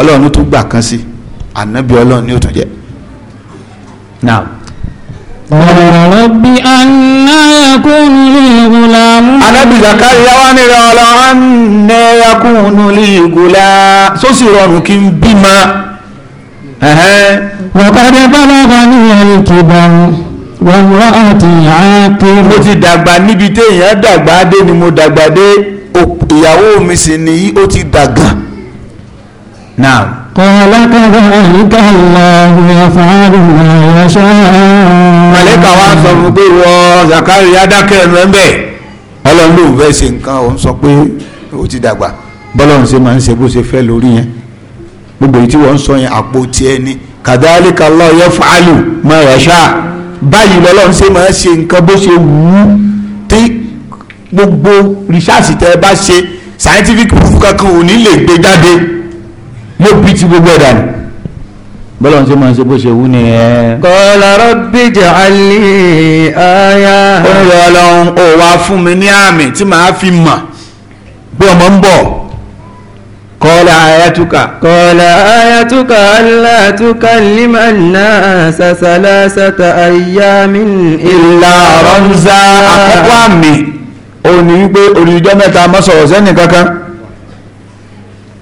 Speaker 1: ọlọ́run tó gbà kan sí ànábì ọlọ́run ni ó tún jẹ́. now قال رب أنا يكون لي غلام
Speaker 2: Ànábì Zakariya wá ní rẹ̀ ọlọ́
Speaker 1: anna yakunu li gulam sósì rọrùn kí n bímọ. وقد بلغني الكبر وامرأتي عاقر. mo ti dàgbà níbi téèyàn dàgbà dé ni mo dàgbà dé ìyàwó mi sì ni ó ti dàgbà. náà.
Speaker 2: قال كذلك الله يفعل ما يشاء
Speaker 1: màlẹ́kà wa sọ fún pé wọ Zakaria dákẹ́ mẹ́mbẹ́ ọlọ́run ló fẹ́ ṣe nǹkan ó ń sọ pé ó ti dàgbà bọ́lọ́run ṣe máa ń ṣe bó ṣe fẹ́ lórí yẹn gbogbo èyí tí wọ́n ń sọ yẹn àpò tiẹ̀ ni kadhalika Allah yaf'alu ma yasha báyìí lọ́lọ́run ṣe máa ń ṣe nǹkan bó ṣe wù ú tí gbogbo rìsáàsì tẹ́ ẹ bá ṣe scientific proof kankan ò ní lè gbé jáde mo bí ti gbogbo ẹ̀dà ni bọ́lá ń ṣe máa ń ṣe bó ṣe wú ni ẹ. kọ́lá rọ́bì jẹ́ àlè ó ń lọ ọlọ́run ó wá fún mi ní àmì tí màá fi mọ̀ bí ọmọ ń bọ̀ kọ́lá ayatuka. kọ́lá ayatuka alátuka limanna sasalasata ayamin illa ramza. àkọ́kọ́ àmì òní wípé olùjọ́ mẹ́ta mọ́sọ̀rọ̀ sẹ́nì kankan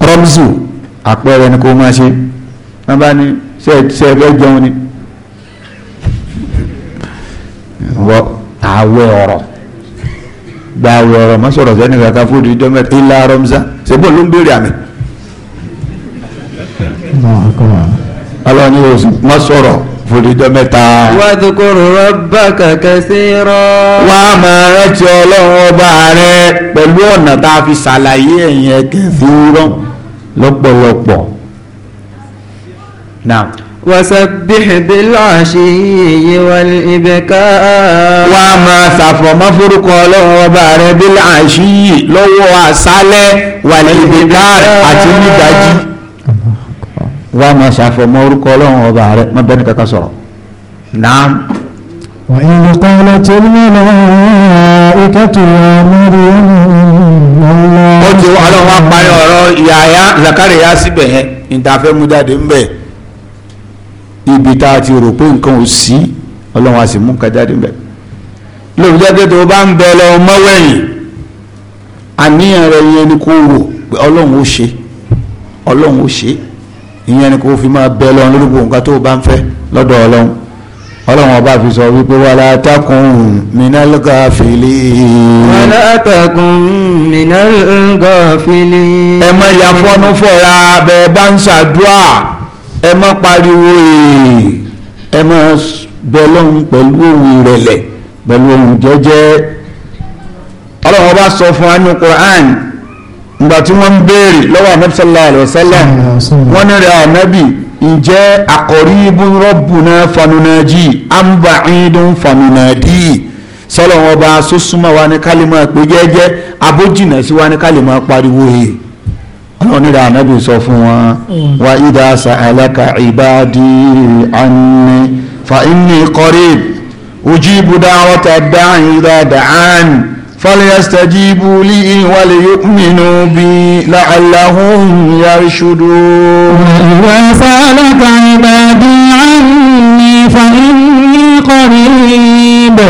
Speaker 1: ramzu àpẹẹrẹ ni kò máa ṣe wọ́n bá ní ṣe ẹgbẹ́ jẹun ni àwẹ̀ ọ̀rọ̀ gba àwẹ̀ ọ̀rọ̀ má sọ̀rọ̀ sẹ́ni kankan fún ìdíjọ́ mẹ́ta ilá rọ́mùsá ṣèbó ló ń béèrè àmì. ọlọ́ni yóò má sọ̀rọ̀ fún ìdíjọ́ mẹ́ta. wà á dúkúrú rọ́bà kẹ̀kẹ́ sí rọ́. wà á máa rántí ọlọ́run ọba rẹ pẹ̀lú ọ̀nà tá a fi ṣàlàyé ẹ̀yìn ẹ̀kẹ́ sí rọ́ lọ́pọ̀lọpọ̀ náà. wasabbih bil-ashiyyi wal-ibkar. wá máa ṣàfọ̀mọ́ forúkọ ọlọ́run ọba rẹ bil-ashiyyi lọ́wọ́ àṣálẹ́ wal-ibkar àti onídàájí wá máa ṣàfọ̀mọ́ orúkọ ọlọ́run ọba rẹ má bẹ́ẹ̀ ní kankan sọ̀rọ̀ náà. وإذ قالت الملائكة يا مريم الله ó ti wà lọ́wọ́ parí ọ̀rọ̀ Yahya Zakariya síbẹ̀ yẹn ìtafẹ́ mú jáde ń bẹ̀ ibi tá a ti rò pé nǹkan ò sí ọlọ́run a sì mú nǹkan jáde ń lóòótọ́ jẹ́ tó bá ń bẹ lọ mọ́wẹ́yìn àníyàn rẹ yẹn ni kò rò pé ọlọ́run ó ṣe ọlọ́run ó ṣe ìyẹn ni kò fi máa bẹ lọ lórúkọ nǹkan tó bá ń fẹ́ lọ́dọ̀ ọlọ́run ọlọ́run ọba fi sọ wípé wàlá takùn minal gafilin. wàlá takùn minal gafilin. ẹ má ya fọ́nú fọ́ra bẹ́ ẹ bá ń ṣàdúrà ẹ má pariwo èè ẹ má bẹ lọ́hùn pẹ̀lú ohùn ìrẹ̀lẹ̀ pẹ̀lú ohùn jẹ́jẹ́. ọlọ́run ọba sọ fún wa Qur'an ìgbà tí wọ́n ń béèrè lọ́wọ́ ànábì sallallahu alaihi wasallam wọ́n ní rẹ̀ ànábì ǹjẹ́ aqaribun rabbuna fanunaji am ba'idun fanunadi sọlọ́wọ́n ọba sọ́súnmọ́ wa ní kálímọ̀ pé jẹ́jẹ́ abójìnà sí wa ní kálímọ̀ pariwo he ọlọ́nira ànábì sọ fún wọn mm. wa idha sa'alaka ibadi anni fa inni qarib ujibu da'wata da'i idha da'an فليستجيبوا لي وليؤمنوا بي لعلهم يرشدون
Speaker 2: وإذا سألك عبادي عني فإني قريب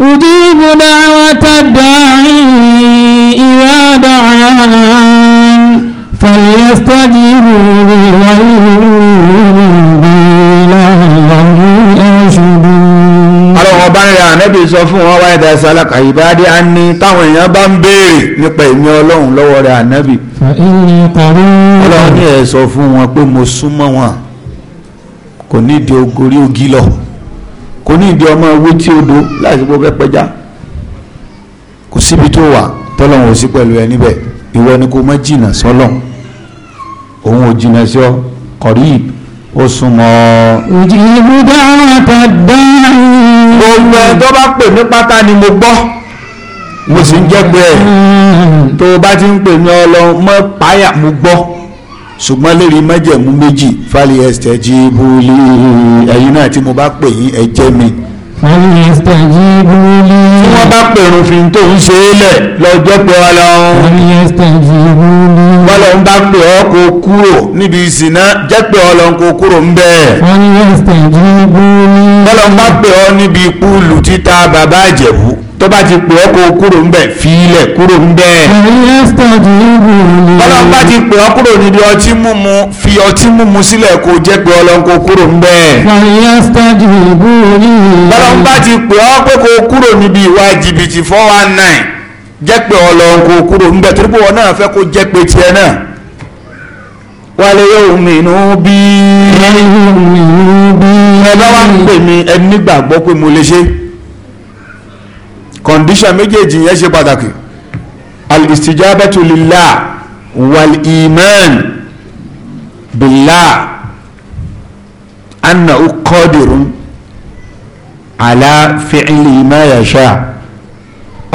Speaker 2: أجيب دعوة الداعي إذا دعان فليستجيبوا لي وليؤمنوا بي لعلهم يرشدون.
Speaker 1: ألو أبانا يا نبي صفو ìdá sálàkà ìbádé á ní táwọn èèyàn bá ń béèrè nípa ìmí ọlọ́run lọ́wọ́ rẹ̀ ànábì ọlọ́run ní ẹ̀ sọ fún wọn pé mo súnmọ́ wọn kò ní ìdí ogorí ogi lọ kò ní ìdí ọmọ owó tí ó do láti gbọ́ fẹ́ pẹ́já kò síbi tó wà tọ́lọ́hún ò sí pẹ̀lú ẹ níbẹ̀ ìwọ ni kò má jìnnà sọ́lọ́hún òun ò jìnnà sí ọ kọ̀rí yìí ó súnmọ́ ìjìnbú dáwàtà dáhùn gbogbo ẹ tó bá pè mí pátá ni mo gbọ́ mo sì ń jẹ́ pé ẹ̀ tó bá ti ń pè mí ọlọ mọ́ páyà mo gbọ́ ṣùgbọ́n lérí májẹ̀mú méjì fálẹ̀ ẹ̀sẹ̀ jí ibú ẹ̀yin náà tí mo bá pè yín ẹ jẹ́ mi tí wọ́n bá pèrún fi tó ń ṣe é lẹ̀ lọ́jọ́ pé wọ́n lọ wọ́n lọ ń bá pè ọ́ kó kúrò níbi ìsìná jẹ́ pé ọ́ lọ kó kúrò ń bẹ́ẹ̀ wọ́n lọ ń bá pè ọ́ níbi púùlù títa bàbá àjẹ̀bú tó bá ti pè ọ́ kó kúrò ń bẹ̀ fílẹ̀ kúrò ń bẹ̀. ọlọ́run bá ti pè ọ́ kúrò níbi ọtí mímu fi ọtí mímu sílẹ̀ kó jẹ́ pé ọlọ́run kó kúrò ń bẹ̀. ọlọ́run bá ti pè ọ́ kúrò níbi ìwà jìbìtì four one nine jẹ́ pé ọlọ́run kó kúrò ń bẹ̀ torí pé wọn náà fẹ́ kó jẹ́ pé tiẹ̀ náà wálé yóò mìínú bí. ẹ bá wá ń pè mí ẹ nígbàgbọ́ pé mo lè ṣe é condition méjèèjì yẹn ṣe pàtàkì al-istijabatu lillah wal-iman billah annahu qadirun ala fi'li ma yasha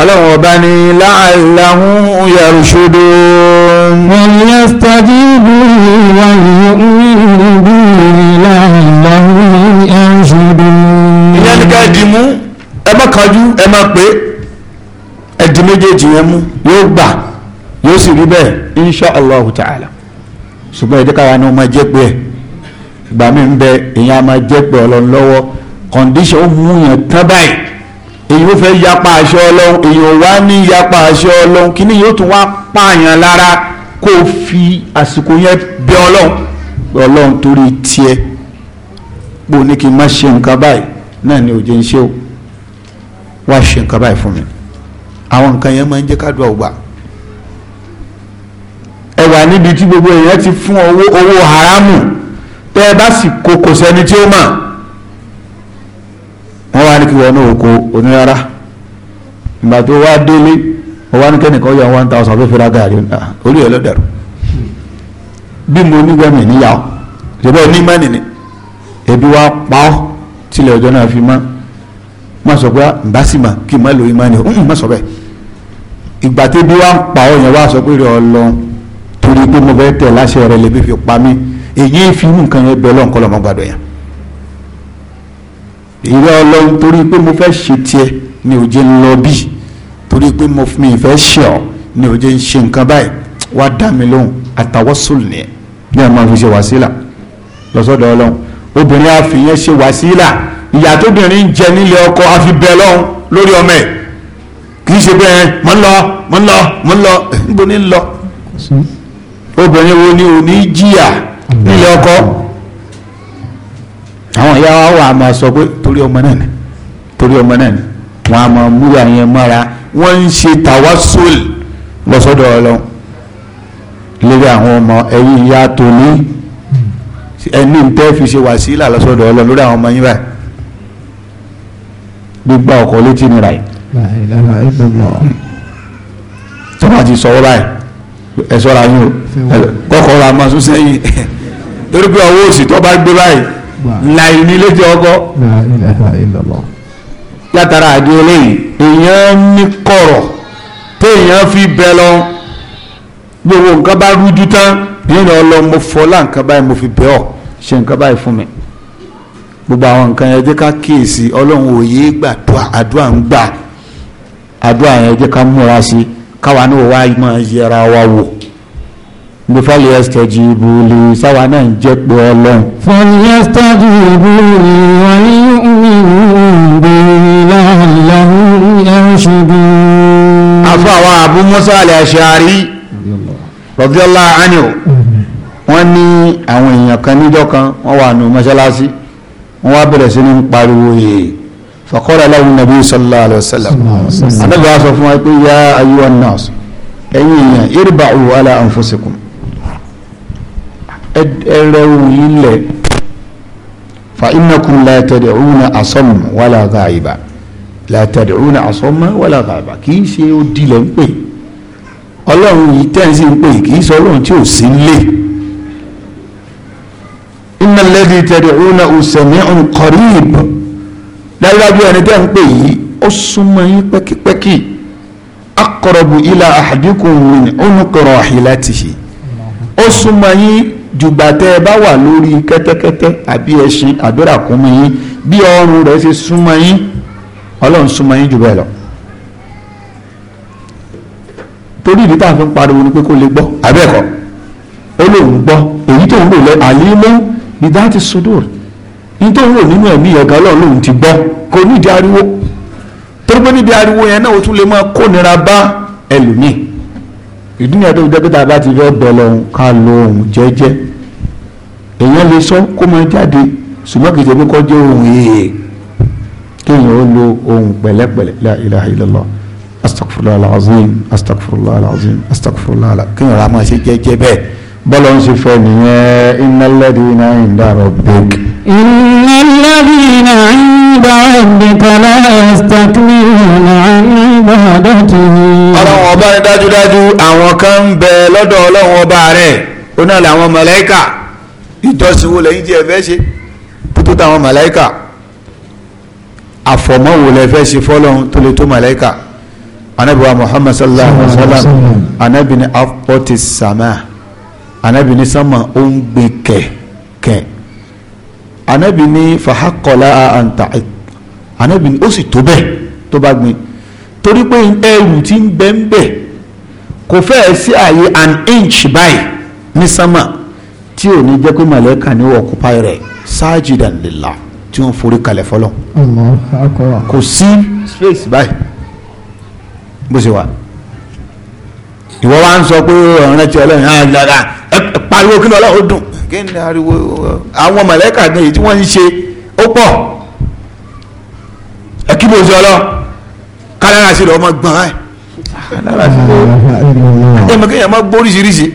Speaker 1: ọlọ́run ọba ni la'allahum yarshudun wọ́n yẹ́ stajibu wọ́n
Speaker 2: yóò rí bí la'allahum
Speaker 1: ẹ má kanjú ẹ má pé ẹdín méjèèjì yẹn mú yóò gbà yóò sì rí bẹ́ẹ̀ insha allahu ta'ala ṣùgbọ́n ìdíkà wa ni wọ́n máa jẹ́ pé ẹ̀ ìgbà mi ń bẹ èèyàn á máa jẹ́ pé ọlọ́run lọ́wọ́ kọ̀ǹdíṣàn ó mú yàn tán báyìí èyí ó fẹ́ yapa àṣẹ ọlọ́run èyí ò wá ní yapa àṣẹ ọlọ́run kí ni yóò tún wá pààyàn lára kó o fi àsìkò yẹn bẹ ọlọ́run ọlọ́run torí tiẹ̀ pò ní kí n má ṣe nǹkan báyìí náà ni ò ń ṣe o wá ṣe nǹkan báyìí fún mi àwọn nǹkan yẹn máa ń jẹ́ kádùá ògbà ẹ wà níbi tí gbogbo èèyàn ti fún owó owó haramu tẹ́ ẹ bá sì kó kò sẹ́ni tí ó mà wọ́n wá ní kí wọ́n náà kó onírárá ìgbà tó wá délé wọ́n wá ní kẹ́nìkan yọ one thousand fẹ́ẹ́ fẹ́ra gàrí ah, orí ẹ̀ lọ́dẹ̀rù bí mo nígbàmì níyàwó ṣùgbọ́n onímọ̀ nìní ebi wá pa ọ́ tilẹ̀ ọjọ́ náà fi mọ́ má sọ pé mbásímà ah, kí n má lo ìmánì o má sọ bẹ́ẹ̀ ìgbà tẹ́bí wa ń pa ọ̀yàn wa sọ pé rẹ ọlọ́run torí pé mo fẹ́ tẹ̀ láṣẹ rẹ lèmi fi pa mí èyí fi mú nǹkan yẹn bẹ ọlọ́run lọ́mọ gbàdọ̀ yẹn ìrẹ́ ọlọ́run torí pé mo fẹ́ ṣe tiẹ̀ ni òjé ń lọ bí torí pé mo fi fẹ́ ṣe ọ́ ni òjé ń ṣe nǹkan báyìí wá dá mi lóhùn àtàwọ́sùn nìyẹn ní àmọ́ fi ṣe wàsílà lọ́sọ́dọ̀ ọlọ́run obìnrin àfihàn ṣe wàsílà ìyà tóbìnrin ń jẹ nílé ọkọ àfi bẹ lọ́hùn lórí ọmọ ẹ̀ kì í ṣe bẹ́ẹ̀ mọ́ ń lọ mọ́ ń lọ mọ́ ń lọ (laughs) níbo ní ń lọ obìnrin wo ni ò ní jìyà nílé ọkọ àwọn ìyá wa wà máa sọ pé torí ọmọ náà ni torí ọmọ náà ni wọn a máa múra yẹn mọ́ra wọ́n ń ṣe tàwásùl lọ́sọ́dọ̀ ọlọ́run lórí àwọn ọmọ ẹ̀yìn ìyá tòní ẹni tẹ́ fi ṣe wàsílà lọ́sọ́dọ̀ ọlọ́run lórí àwọn ọmọ yín báyìí gbígbá ọkọ̀ létí nira
Speaker 2: yìí
Speaker 1: tó bá ti sọ̀rọ̀ báyìí ẹ ṣọ́ra yín o kọ́kọ́ ra máa sún sẹ́yìn (laughs) torí pé ọwọ́ òsì tó bá gbé báyìí ńlá ìní létí ọkọ̀ látara àdé eléyìí èèyàn ní kọ̀rọ̀ téèyàn fi bẹ lọ gbogbo nǹkan bá rújú tán èèyàn lọ nǹkan báyìí mo fi bẹ́ ọ ṣe nǹkan báyìí fún mi gbogbo àwọn nǹkan yẹn jẹ́ ká kíyèsí ọlọ́run òye gbà àdúrà ń gbà àdúrà yẹn jẹ́ ká múra sí káwa náà wá máa yẹra wa wò ní fọ́lì ẹ́sítẹ́jì ìbúlé sáwa náà ń jẹ́ pé ọlọ́run. fọ́lì ẹ́sítẹ́jì ìbúlé wọ́n ní ìgbè láàlọ́hún ẹ̀ṣẹ̀bí. afọ àwọn Abu Musa al-Ash'ari radiyallahu anhu wọ́n ní àwọn èèyàn kan níjọ́ kan wọ́n wà nù mọ́ṣáláṣí wọ́n wá bẹ̀rẹ̀ sí ní pariwo yìí faqala lahu nàbí sallallahu alaihi wasallam anábìá sọ fún wa pé ya ayyuhan nas ẹ̀yin èèyàn irba'u ala anfusikum ẹrẹ òyìn lẹ̀ fa innakum la tad'una asamma wala ghaiba la tad'una asamma wala ghaiba kì í ṣe ó dilẹ̀ ń pè ọlọ́run yìí tẹ́ inna alladhi tad'unahu sami'un qarib dájúdájú ẹni tẹ́ ń pè yìí ó súnmọ́ yín pẹ́kípẹ́kí aqrabu ila ahadikum min unuqi rahilatihi ó súnmọ́ yín jùgbà tẹ́ ẹ bá wà lórí kẹ́tẹ́kẹ́tẹ́ àbí ẹṣin àbíra kún mọ́ yín bí ọrùn rẹ̀ ṣe súnmọ́ yín ọlọ́run súnmọ́ yín jù bẹ́ẹ̀ lọ. torí ìdí tá fi ń pariwo ni pé kó lè gbọ́ abẹ́ẹ̀kọ́ ó lóun gbọ́ èyí tó ń lò lẹ́ àlímú ní dáàtì sódòr ní tó ń rò nínú ẹ̀mí ẹ̀gá ọlọ́run lòun ti gbọ́ kò nídìí ariwo torí pé nídìí ariwo yẹn náà ó tún lè máa kó nira bá ẹlòmíì ìdúnyà tó jẹ́ pé tá a bá ti fẹ́ bọ̀ lọ́hùn ká lo ohùn jẹ́jẹ́ èèyàn lè sọ kó máa jáde ṣùgbọ́n kìí ṣe pé kọ́ jẹ́ ohùn èè kéèyàn lo ohùn pẹ̀lẹ́pẹ̀lẹ́ la ilaha illallah astaghfirullah alazim astaghfirullah alazim astaghfirullah ala kéèyàn ra máa ṣe jẹ́jẹ́ bẹ́ẹ̀ bọ́lọ̀ ń sì fẹ́ nìyẹn innal ladhina inda rabbik. innal
Speaker 2: ladhina inda
Speaker 1: rabbika la yastakbiruna an ibadatihi. ọlọ́run ọba ní dájúdájú àwọn kan ń bẹ lọ́dọ̀ ọlọ́run ọba rẹ̀ ó náà làwọn màláíkà ìjọsìn wo lẹ́yìn tí ẹ fẹ́ ṣe tó táwọn màláíkà àfọ̀mọ́wò lẹ fẹ́ ṣe fọ́lọ́run tó lè tó màláíkà anábìwá muhammad sallallahu alaihi wa sallam anábìwá ọtí sàmáà anabi ní sánmà ó ń gbé kẹ̀kẹ̀ anabi ní fàákọ̀lá àǹtà anabi ní ó sì tó bẹ́ẹ̀ tó bá gbin torí pé ẹrù tí ń bẹ ń bẹ kò fẹ́ẹ̀ sí ààyè an inch báyìí ní sánmà tí ò ní jẹ́ pé màlẹ́kà ní ọ̀kúpa rẹ̀ sáájìdàn lillah tí wọ́n forí kalẹ̀ fọlọ́ kò sí space báyìí bó ṣe wà ìwọ wa ń sọ pé ọ̀rẹ́ tí ọlọ́run á ah, dáadáa pariwo kí ni ọlọ́run dùn kí ni ariwo uh, àwọn mọ̀lẹ́kà gan èyí tí wọ́n ń ṣe ó pọ̀ ẹ kí bó ṣe ọlọ́ kálára sí lọ́mọ gbọ́n ẹ̀ kálára sí lọ́mọ ẹ̀ mọ̀ kéèyàn má gbóríṣiríṣi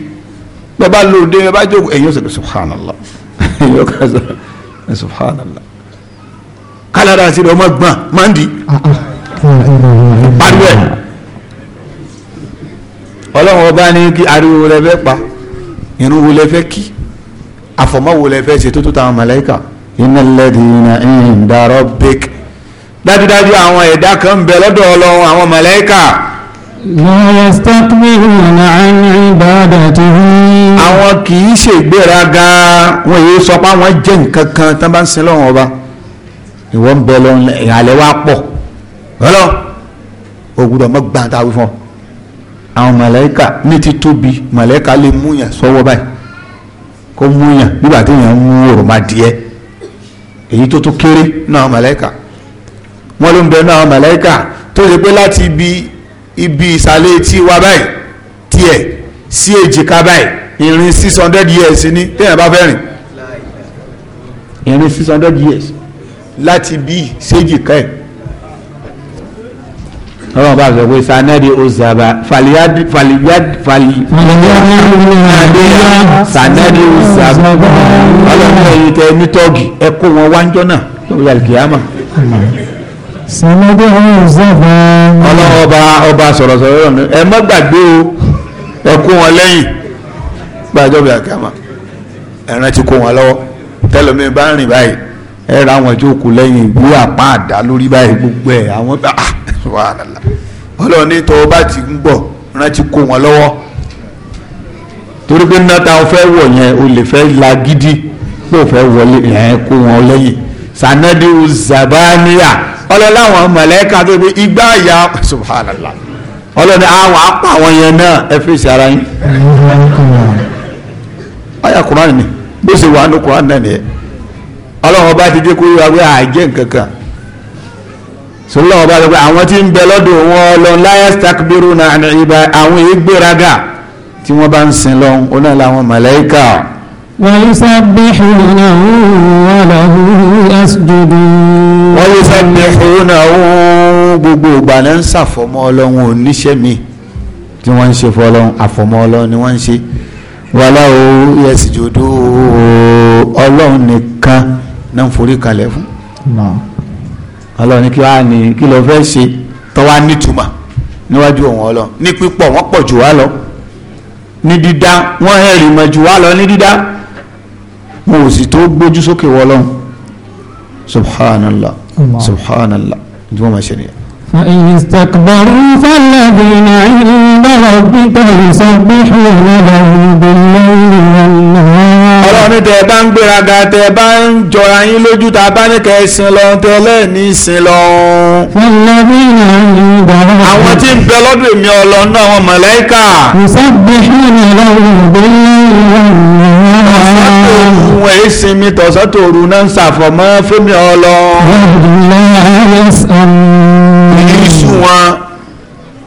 Speaker 1: bẹ́ẹ̀ bá lóde bẹ́ẹ̀ bá jókòó ẹ̀yìn ọ̀sẹ̀ subhanallah (laughs) ẹ̀yìn ọ̀sẹ̀ subhanallah kálára sí lọ́mọ gbọ́n máa ń di pariwo ẹ̀ ọlọ́run ọba ní kí ariwo rẹ bẹ́ẹ̀ pa irun wo lẹ fẹ́ kí àfọ̀mọ́ wo lẹ fẹ́ ṣe tó tó táwọn màláíkà innal ladhina inda rabbik dájúdájú àwọn ẹ̀dá kan bẹ lọ́dọ̀ ọlọ́run àwọn màláíkà. yastakbiruna an ibadatihi. àwọn kì í ṣègbéraga wọn yìí sọ pé àwọn jẹ́ nǹkan kan tán bá ń sin lọ́wọ́n ọba ìwọ ń bẹ lọ́run ìhàlẹ́ wa pọ̀ ọlọ́ ògùdọ̀ mọ́ gbàǹtà wí fún ọ àwọn màláíkà ní ti tóbi màláíkà lè múyàn sọ́wọ́ báyìí kó múyàn nígbà tí èèyàn mú òròmà díẹ̀ èyí tó tó kéré náà àwọn màláíkà wọ́n ló ń bẹ náà àwọn màláíkà tó ṣe pé láti ibi ibi ìsàlẹ̀ etí wa báyìí tiẹ̀ sí èjìká báyìí ìrìn six hundred years ni téèyàn bá fẹ́ rìn ìrìn six hundred years láti bí séjìká ẹ̀ ọlọ́run bá sọ pé sanadi ozaba faliyad faliyad faliyad sanadi ozaba ọlọ́run ẹ̀yin tẹ ní tọ́ọ̀gì ẹ kó wọn wájọ́ náà lórí alikiyama. sanadi ozaba. ọlọ́run ọba ọba sọ̀rọ̀sọ̀rọ̀ ọ̀nà ẹ má gbàgbé o ẹ kó wọn lẹ́yìn gbàjọ́ bí akama ẹ̀ràn ti kó wọn lọ́wọ́ tẹ́lẹ̀mí bá ń rìn báyìí ẹ ra àwọn ìjókòó lẹ́yìn ìwé àpá àdá lórí báyìí gbogbo ẹ̀ àwọn bá a. Ah, subhanallah ọlọ́run ní ti ń bọ̀ rántí kó wọn lọ́wọ́ torí pé yẹn o lè fẹ́ la gidi kó o fẹ́ wọlé yẹn kó wọn sanadi zabaniya ọlọ́láwọn mọ̀lẹ́ka tó igbá ya subhanallah ọlọ́ni àwọn apá àwọn yẹn náà ẹ ara yín ni sọlá ọba sọ pé àwọn tí ń bẹ lọ́dọ̀ wọn lọ layastakbiruna an ibada àwọn ìgbéraga tí wọ́n bá ń sin lọ ọ̀nà làwọn màláíkà. wa yusabbihunahu wa lahu yasjudun. wa yusabbihunahu gbogbo ìgbà náà ń ṣàfọ̀mọ́ ọlọ́run oníṣẹ́ mi tí wọ́n ń ṣe fọlọ́run àfọ̀mọ́ ọlọ́run ni wọ́n ń ṣe wa lahu yasjudun ọlọ́run nìkan náà forí kalẹ̀ fún ọlọ́run kí wàá ní kí ló fẹ́ ṣe tọ́wá nítumọ̀ níwájú òun ọlọ́run ní pípọ̀ wọ́n pọ̀ jù wá lọ ní dídá wọ́n hẹ̀rì mọ̀ jù wá lọ ní dídá wọn ò sì tó gbójú sókè wọ́ ọlọ́run subhanallah subhanallah ìdí wọ́n máa ṣe nìyẹn.
Speaker 2: فإن استكبروا فالذين عند
Speaker 1: ربك يسبحون له بالليل والنهار ọlọ́ni tẹ bá ń gbéraga tẹ bá ń jọra yín lójú ta bá ní kẹ́ sin lọ tẹ́lẹ̀ ní sin lọ. fọlọ́bìnà ń gbàrà. àwọn tí ń bẹ lọ́dọ̀ èmi ọlọ́run náà wọn mọ̀lẹ́kà. ìsọ̀bìnrin lọ́wọ́ ìgbéyàwó ìwọ̀n. ọ̀sán tó rùn ẹ̀ sinmi tọ̀sán tó náà ń ṣàfọ̀mọ́ fẹ́mi ọlọ́run wọn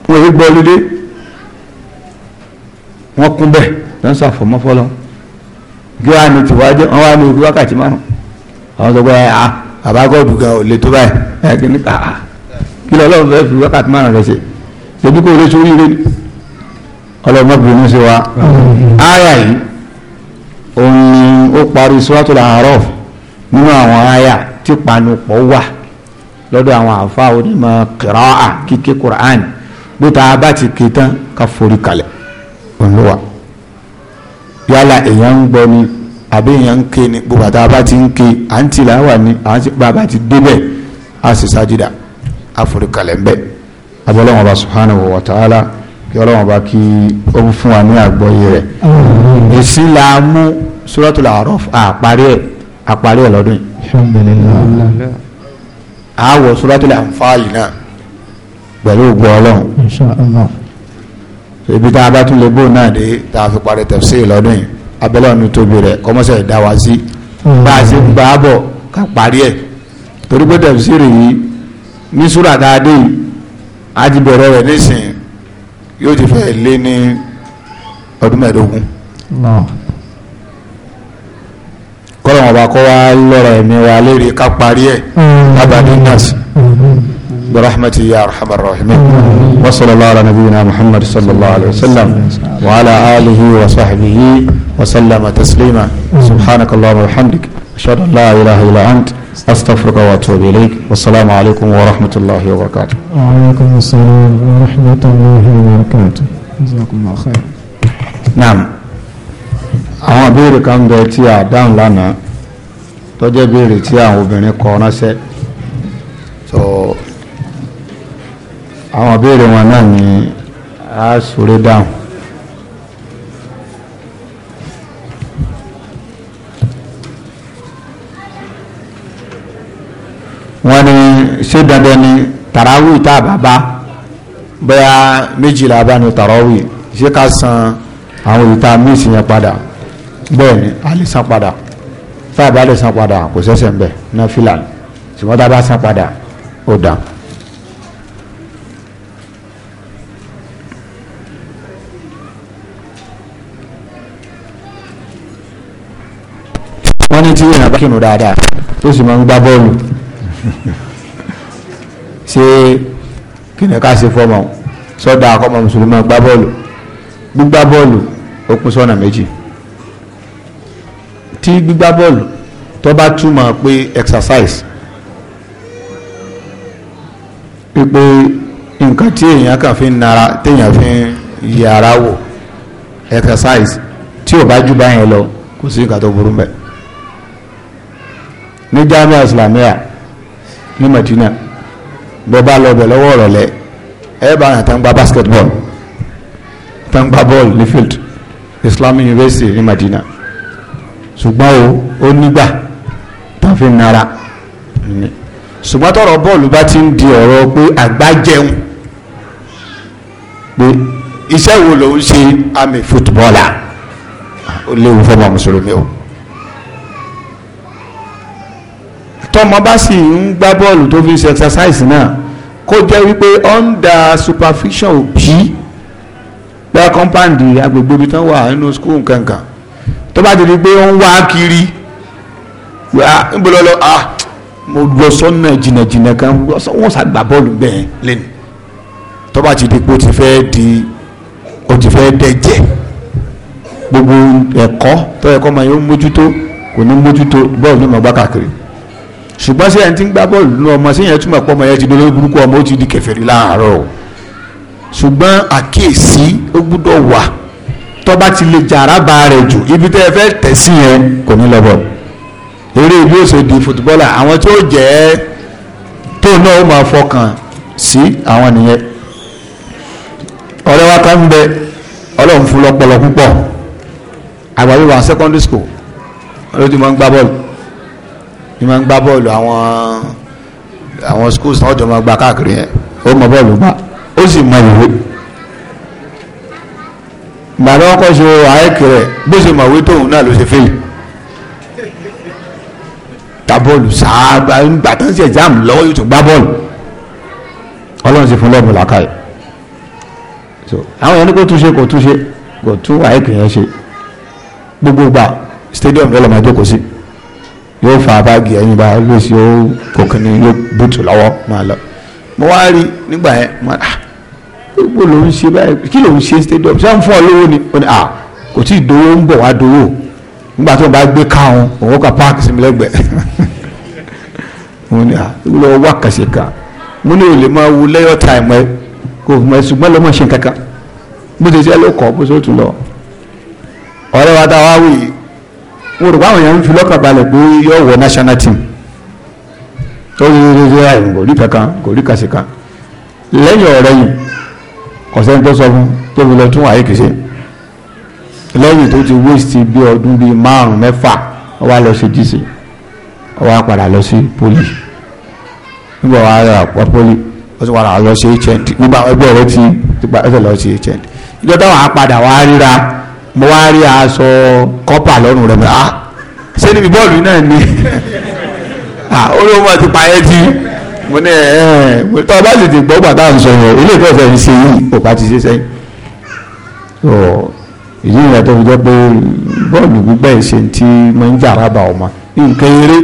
Speaker 1: wọn èyí gbọ́ lédè wọn kún bẹ́ẹ̀ lọ́n sàfọ̀mọ́ fọlọ́ kí wàá ní tiwa jẹ́ wọn wàá ní ojú wákàtí márùn àwọn sọ pé ah bàbá gọ́ọ̀dù gan ò lè tó báyìí ẹ kí ni ah, ah. kí lọ́lọ́run fẹ́ fi wákàtí márùn rẹ̀ ṣe lójú kó lè sórí rẹ̀ ọlọ́run mọ́bìnrin ṣe wa áyà yìí òun ni ó parí suratul A'raf nínú àwọn áyà tí panupọ̀ lọ́dọ̀ àwọn àfa onímọ̀ kìrọ́à kíké quran bó ta bá ti ké tán ká forí kalẹ̀ olúwa yálà èèyàn ń gbọ́ ni àbí èèyàn ń ké ni bó bàtà bá ti ń ké à ń tilẹ̀ wà ní à ń ti bá a bá ti débẹ̀ a sì sájúdà a forí kalẹ̀ ń bẹ̀ abọ́lọ́wọ́n bá subhanahu wa ta'ala kí ọlọ́wọ́n bá kí ó ń fún wa ní àgbọ́yé rẹ̀ èsì la mú suratul A'raf àparí ẹ̀ àparí ẹ̀ lọ́dún yìí.
Speaker 2: alhamdulillah
Speaker 1: àwọ̀ suratul Anfal náà pẹ̀lú ògbó ọlọ́run
Speaker 2: insha Allah
Speaker 1: ibi tá a bá tún lè bò náà dé tá a fi parí tafsir lọ́dún yìí abẹ́lẹ́ ọ̀nù tóbi rẹ̀ kọ́mọ́sẹ̀ dá wa sí bá a ṣe gbà á bọ̀ ká parí ẹ̀ torí pé tafsir yìí ní súrà tá a dé yìí a ti bẹ̀rẹ̀ rẹ̀ nísìnyí yóò ti fẹ́ lé ní ọdún mẹ́ẹ̀ẹ́dógún. kọ́lọ́mọ̀ bá kọ́ wá lọ́rọ̀ ẹ̀mí wa lérí ká parí ẹ̀ lábàdí mm. nọ́ọ̀sì برحمته يا ارحم الراحمين وصلى الله على نبينا محمد صلى الله عليه وسلم وعلى اله وصحبه وسلم تسليما سبحانك اللهم وبحمدك اشهد ان لا اله الا انت استغفرك واتوب اليك والسلام عليكم ورحمه الله وبركاته
Speaker 2: وعليكم السلام ورحمه الله وبركاته جزاكم الله خير
Speaker 1: نعم àwọn ìbéèrè kan bẹ tí a dáhùn lánàá tó jẹ́ béèrè tí àwọn obìnrin kọ ránṣẹ́ so àwọn ìbéèrè wọn náà ni a sòrè dáhùn. wọ́n ní ṣé dandan ni tàràwì tá a bá bá bóyá méjìlá bá ní tàràwì ṣé ká san àwọn ìta míìsì yẹn padà bẹ́ẹ̀ ni a lè san padà tá a bá lè san padà kò sẹ́sẹ̀ ń bẹ̀ náà fìlà ni ṣùgbọ́n tá a bá san padà ó dàn. wọ́n ní tí èèyàn bá kírun dáadáa tó sì máa ń gbá bọ́ọ̀lù (laughs) ṣé kí ká ṣe fọmọ sọ́dà akọ́mọ mùsùlùmí gbá bọ́ọ̀lù gbígbá bọ́ọ̀lù ó kún sọ́nà méjì tí gbígbá bọ́ọ̀lù tó bá túmọ̀ pé exercise pípé nǹkan tí èèyàn kàn fi ń nara téèyàn fi yàrá wò exercise tí ò bá jù báyẹn lọ kò sí nǹkan tó burú mbẹ ní jamiu islamia ní Madina bó bá lọ bẹ̀ lọ́wọ́ ọ̀rọ̀lẹ́ ẹ bá yàn tán gba basketball tán gba ball ní field Islam University ní Madina ṣùgbọ́n o ó nígbà tó fi nara ṣùgbọ́n tọ̀rọ̀ bọ́ọ̀lù bá ti ń di ọ̀rọ̀ pé àgbá jẹun pé iṣẹ́ wo ló ń ṣe àmì fútbọ́ọ̀là ó léwu fọmọ mùsùlùmí o tọmọ bá sì ń gbá bọ́ọ̀lù tó fi ṣe exercise náà kó jẹ́ wípé under Superficial òbí bẹ́ẹ̀ compound agbègbè ibi tán wà nínú school nǹkan kan tó bá ti di pé ó ń wá kiri ń ah, bọ̀ lọ́lọ́ ah mo lọ sọ́nà jìnnàjìnnà kan wọ́n ṣàgbà bọ́ọ̀lù bẹ́ẹ̀ lẹ́nu tó bá ti di pé ó ti fẹ́ di ó ti fẹ́ dẹ́jẹ́ gbogbo ẹ̀kọ́ tó ẹ̀kọ́ máa yóò mójútó kò ní mójútó bọ́ọ̀lù ní ọgbà káàkiri ṣùgbọ́n sí ẹni tí ń gbá bọ́ọ̀lù nínú ọmọ sí ìyẹn túmọ̀ pọ́ ọmọ yẹn ti dolórí burúkú ọmọ ó ti di kèfèrí láàárọ̀ ṣùgbọ́n àkíyèsí ó gbúdọ̀ wà tọ́ba ti lè jàràbà rẹ̀ jù ibi tẹ́ ẹ fẹ́ tẹ̀ sí yẹn kò ní lọ́bọ̀ eré bí ó ṣe di footballer àwọn tí ó jẹ́ tó náà ó máa fọkàn sí àwọn nìyẹn ọ̀rẹ́ wa kan ń bẹ ọlọ́run fún lọ́pọlọ púpọ̀ àgbàdo wa secondary school ló ti máa ń gbá bọ́ọ̀lù ti máa ń gbá bọ́ọ̀lù àwọn àwọn schools náà jọ máa gbá káàkiri yẹn ó mọ bọ́ọ̀lù gbá ó sì mọ ìwé bàbá ọkọ̀ ṣe àẹ́kì rẹ̀ bó ṣe mọ̀wé tóun náà ló ṣe fèlè ta bọ́ọ̀lù sáà gbà tán sí ẹ̀jáàmù lọ́wọ́ yóò tún gbá bọ́ọ̀lù ọlọ́run sì fún lọ́ọ̀bù làkàyè so àwọn yẹn ní kò túnṣe kò túnṣe kò tún àìkè yẹn ṣe gbogbo gbà stadium yẹn lọ máa jókòó sí yóò fa báàgì ẹyin bá lóṣì ó kòkìní yóò bùtù lọ́wọ́ máa lọ mo wá rí nígbà yẹn mo ah, gbogbo ló ń ṣe báyìí kí ló ń ṣe stadium ṣé ń fún ọ lówó ni ó ní à kò tí ì dowó ń bọ̀ wá dowó nígbà tí wọ́n bá gbé káwọn òun kà páàkì sí mi lẹ́gbẹ̀ẹ́ (laughs) mo ní à lọ wá kàṣekà mo ní olè máa wo lẹ́yọ̀ táìmù ẹ kò mọ̀ ṣùgbọ́n lọ́mọ ṣe kankan bó ṣe jẹ́ ló kọ́ bó ṣe tún lọ ọ̀rẹ́ wa dá wá wì í mo rò báwọn èèyàn ń fi lọ́kàn balẹ̀ pé yóò wọ national team tó rí rí rí àìmọ̀ kò rí kankan kò rí kàṣekà lẹ́yìn ọ̀rẹ́ yìí ọ̀sẹ̀ tó sọ fún tó fi lọ tún wáyé kìí ṣe lẹ́yìn tó ti wéṣì bí ọdún bíi márùn mẹ́fà ó wá lọ sí gc ó wá padà lọ sí poli nígbà wà á wà poli ó sì padà lọ sí hnd nígbà ẹgbẹ́ rẹ ti ti pa ẹsẹ̀ lọ sí hnd ìjọ táwọn apàdà wà á ríra mo wá rí aṣọ kọ́pà lọ́rùn rẹ̀ mi ah, ṣé níbi bọ́ọ̀lù náà ni (laughs) ah, ó ló mọ̀ ti pa ti mo ní ẹ ẹ tó o bá sì ti gbọ́ bàtà ń sọ yẹn ilé ìfẹ́fẹ́ ń ṣe yìí kò bá ti ṣe sẹ́yìn ìdí ìyá tó fi jẹ́ pé bọ́ọ̀lù gbígbẹ́ ìṣe ti máa ń jàrá bá ọmọ nǹkan eré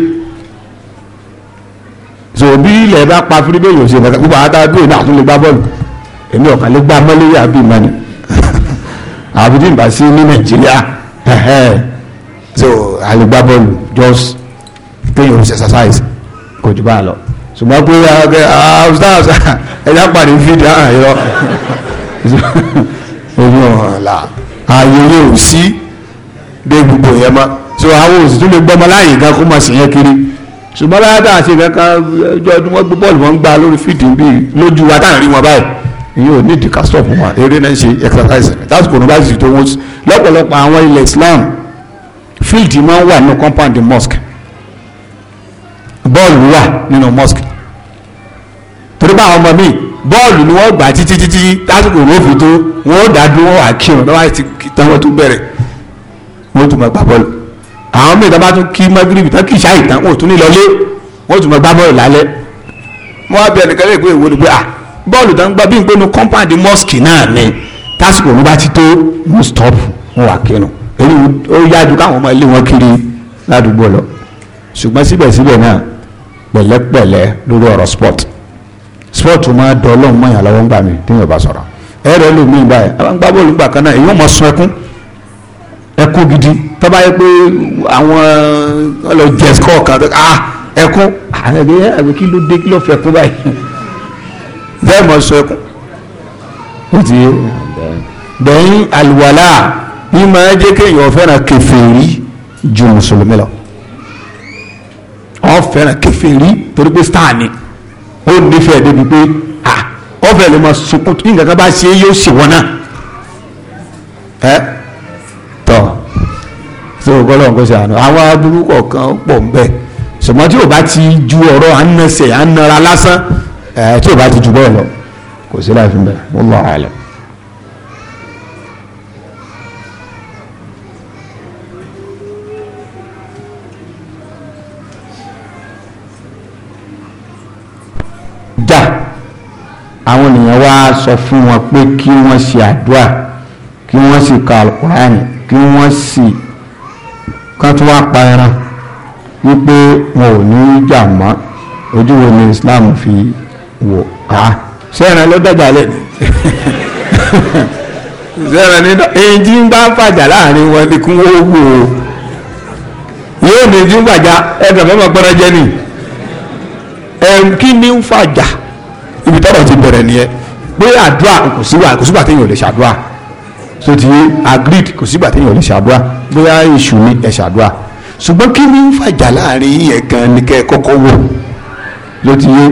Speaker 1: so bí ilẹ̀ bá pa fúrígbé yóò ṣe pàtàkì gbogbo àádá bí èmi àtúntò lè gbá bọ́ọ̀lù èmi ọ̀kan lè gbá mọ́lẹ́yà àbí ìmọ̀ni (laughs) àbí tí n bá sí ní nàìjíríà so a gbá bọ́ọ̀lù just kéèyàn ó ṣe exercise kò jù bá a lọ ṣùgbọ́n pé ah, ah, ustaz (laughs) ẹ̀dá pàdé fídíò àrùn yọ omi ọ̀la ààyè yóò sí dé gbogbo yẹn mọ́ so àwọn òsì tún lè gbọ́mọ láàyè gan kó mọ̀ sí yẹn kiri ṣùgbọ́n láyé tá a ṣe kankan ọjọ́ ọdún wọn gbé bọ́ọ̀lù wọn gbá lórí fídíò bíi lójú wa táà ń rí wọn báyìí ìyóò ní ìdí ká stop wọn eré náà ń ṣe exercise that's coronavirus tó wọ́n lọ́pọ̀lọpọ̀ àwọn ilẹ̀ Islam field máa ń wà ní compound mosque bọ́ọ̀lù wà nínú mosque torí báwọn ọmọ mi bọ́ọ̀lù ni wọ́n gbà títí títí tásìkò wọn ò fi tó wọn ò dá dúró wọn àkírun lọ́wọ́ àti tán wọn tún bẹ̀rẹ̀ wọn ò tún máa gbá bọ́ọ̀lù àwọn mìíràn bá tún kí magrebi tán kì í ṣáà ìtàn wọn ò tún ní lọlé wọn ò tún máa gbá bọ́ọ̀lù lálẹ́ wọn á bí ẹnìkan lè gbé ìwé ni pé à ah, bọ́ọ̀lù tán gbá bí n pé nu compound mosque náà ni tásìkò wọn bá ti tó wọn stop wọn wà kírun èyí ó yájú káwọn ọmọ ilé wọn kiri ládùúgbò lọ ṣùgbọ́n síbẹ̀síbẹ̀ náà pẹ̀lẹ́pẹ̀lẹ́ lórí ọ̀rọ̀ sport sport máa dọ̀ ọlọ́run mọ́ ìyàlọ́wọ́ ń gbà mí téèyàn bá sọ̀rọ̀ ẹ̀rọ ẹlòmíì báyìí alágbá bọ́ọ̀lù gbà kan náà èyí ò mọ̀ sun ẹkún ẹkún gidi tó bá yẹ pé àwọn ọlọ jẹ skọ kan tó ah ẹkún àgbẹ̀ àgbẹ̀ ah, kí ló dé kí ló fẹ́ kún báyìí (laughs) bẹ́ẹ̀ mọ̀ sun ẹkún ó ti yé bẹ́ẹ̀ àlùwàlà ní máa jẹ́ kéèyàn fẹ́ràn kèfèrí ju mùsùlùmí lọ ọ fẹ́ràn kèfèrí torí pé star ni ó nífẹ̀ẹ́ débi pé a ọ̀fẹ́ ló máa sunkún tí nǹkan kan bá ṣe yóò ṣe wọn náà ẹ tọ so gbọ́dọ̀ nǹkan ṣe àná àwọn aburú kọ̀ọ̀kan pọ̀ ń bẹ ṣùgbọ́n tí o bá ti ju ọ̀rọ̀ ànàṣe ànàra lásán ẹ tí o bá ti ju bọ́ọ̀ lọ kò sí láì fi bẹ́ẹ̀ wọ́n lọ́ọ́ àlẹ́. wá sọ fún wọn pé kí wọ́n ṣe àdúrà kí wọ́n sì ka alukurani kí wọ́n sì kán tó wá pa ẹran wípé wọn ò ní í jà mọ́ ojú wo ni Islam fi wò á sẹ́ran ló dàgbà lẹ̀ sẹ́ran ní èyí tí ń bá fàjà láàrin wọn ni kí wọ́n wò ó yóò ní tí ń fàjà ẹ̀ka fẹ́ máa gbọ́dọ̀ jẹ́ nì ẹ̀ kí ni ń fàjà ibi tọ́rọ̀ ti bẹ̀rẹ̀ nìyẹn pé àdúrà kò sígbà kò sígbà téèyàn ò lè ṣàdúrà so ti agreed kò sígbà téèyàn ò lè ṣàdúrà bóyá èṣù ni ẹ ṣàdúrà ṣùgbọ́n kí ni ń fàjà láàrin yíyẹn gan ni kẹ́ ẹ kọ́kọ́ wò ló ti yé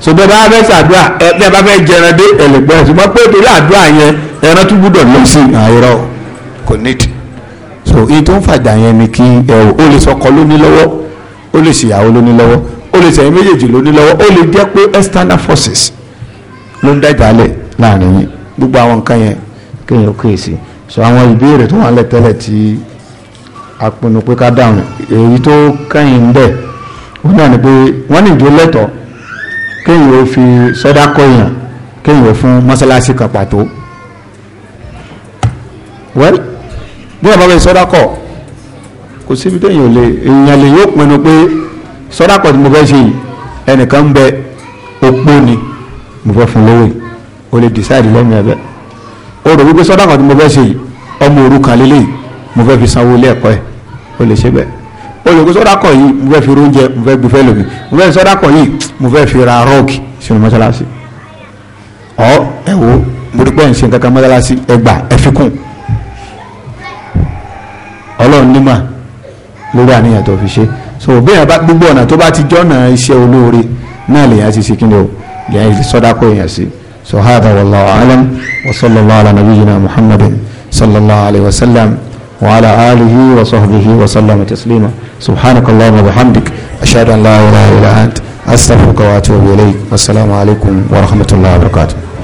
Speaker 1: so bẹ́ẹ̀ bá fẹ́ ṣàdúrà ẹ bẹ́ẹ̀ bá fẹ́ jẹran dé ẹlẹgbẹ́ ṣùgbọ́n pé torí àdúrà yẹn ẹran tún gbúdọ̀ lọ sí àìrọ ah, kò nídìí so iye tó ń fàjà yẹn ni kí ẹ o lè sọkọ lóní lọ́wọ́ ó lè ṣèyàwó lóní lọ́wọ́ ó lè ṣẹ̀yìn méjèèjì lóní lọ́wọ́ ó lè jẹ́ pé external forces ló ń dájàálẹ̀ láàrin yín gbogbo àwọn nǹkan yẹn kéèyàn kíyèsí so àwọn ìbéèrè tó wà lẹ̀ tẹ́lẹ̀ tí a pinnu pé ká dáhùn èyí tó kẹ́yìn ń bẹ̀ ó náà ni pé wọ́n ní ìjó lẹ́tọ̀ọ́ kéèyàn ó fi sọ́dá kọ́ èèyàn kéèyàn ó fún mọ́sálásí kan pàtó well bí ọba bẹ sọ́dá kọ́ kò síbi tó èèyàn lè èèyàn lè yóò pinnu pé sọ́dá kọ́ tí mo fẹ́ ṣe yìí ẹnìkan ń bẹ òpó ni mo fẹ́ fún lówó yìí o lè decide lẹ́mí ẹ̀bẹ̀ o rò wípé sọ́dọ̀ kan tí mo fẹ́ ṣe yìí ọmọ òrukàn lélẹ̀ mo fẹ́ fi sanwó ilé ẹ̀kọ́ ẹ̀ o lè ṣe bẹ́ẹ̀ o lè gbé sọ́dọ̀ kan yìí mo fẹ́ fi oúnjẹ mo fẹ́ gbé fẹ́ lómi mo fẹ́ sọ́dọ̀ kan yìí mo fẹ́ fi ra rọ́ọ̀kì sínú mọ́ṣáláṣí ọ ẹ wo mo rí ń ṣe kankan mọ́ṣáláṣí ẹ gbà ẹ fi kún ọlọ́run nímọ̀ lórí àníyàn tó fi ṣe so bí gbogbo ọ̀nà tó bá ti jọ́nà iṣẹ́ olóore náà lèyàn ti ṣe kí ni o لأجل يعني في صداقة ياسي so هذا والله أعلم وصلى الله على نبينا محمد صلى الله عليه وسلم وعلى آله وصحبه وسلم تسليما سبحانك اللهم وبحمدك أشهد أن لا إله إلا أنت أستغفرك وأتوب إليك والسلام عليكم ورحمة الله وبركاته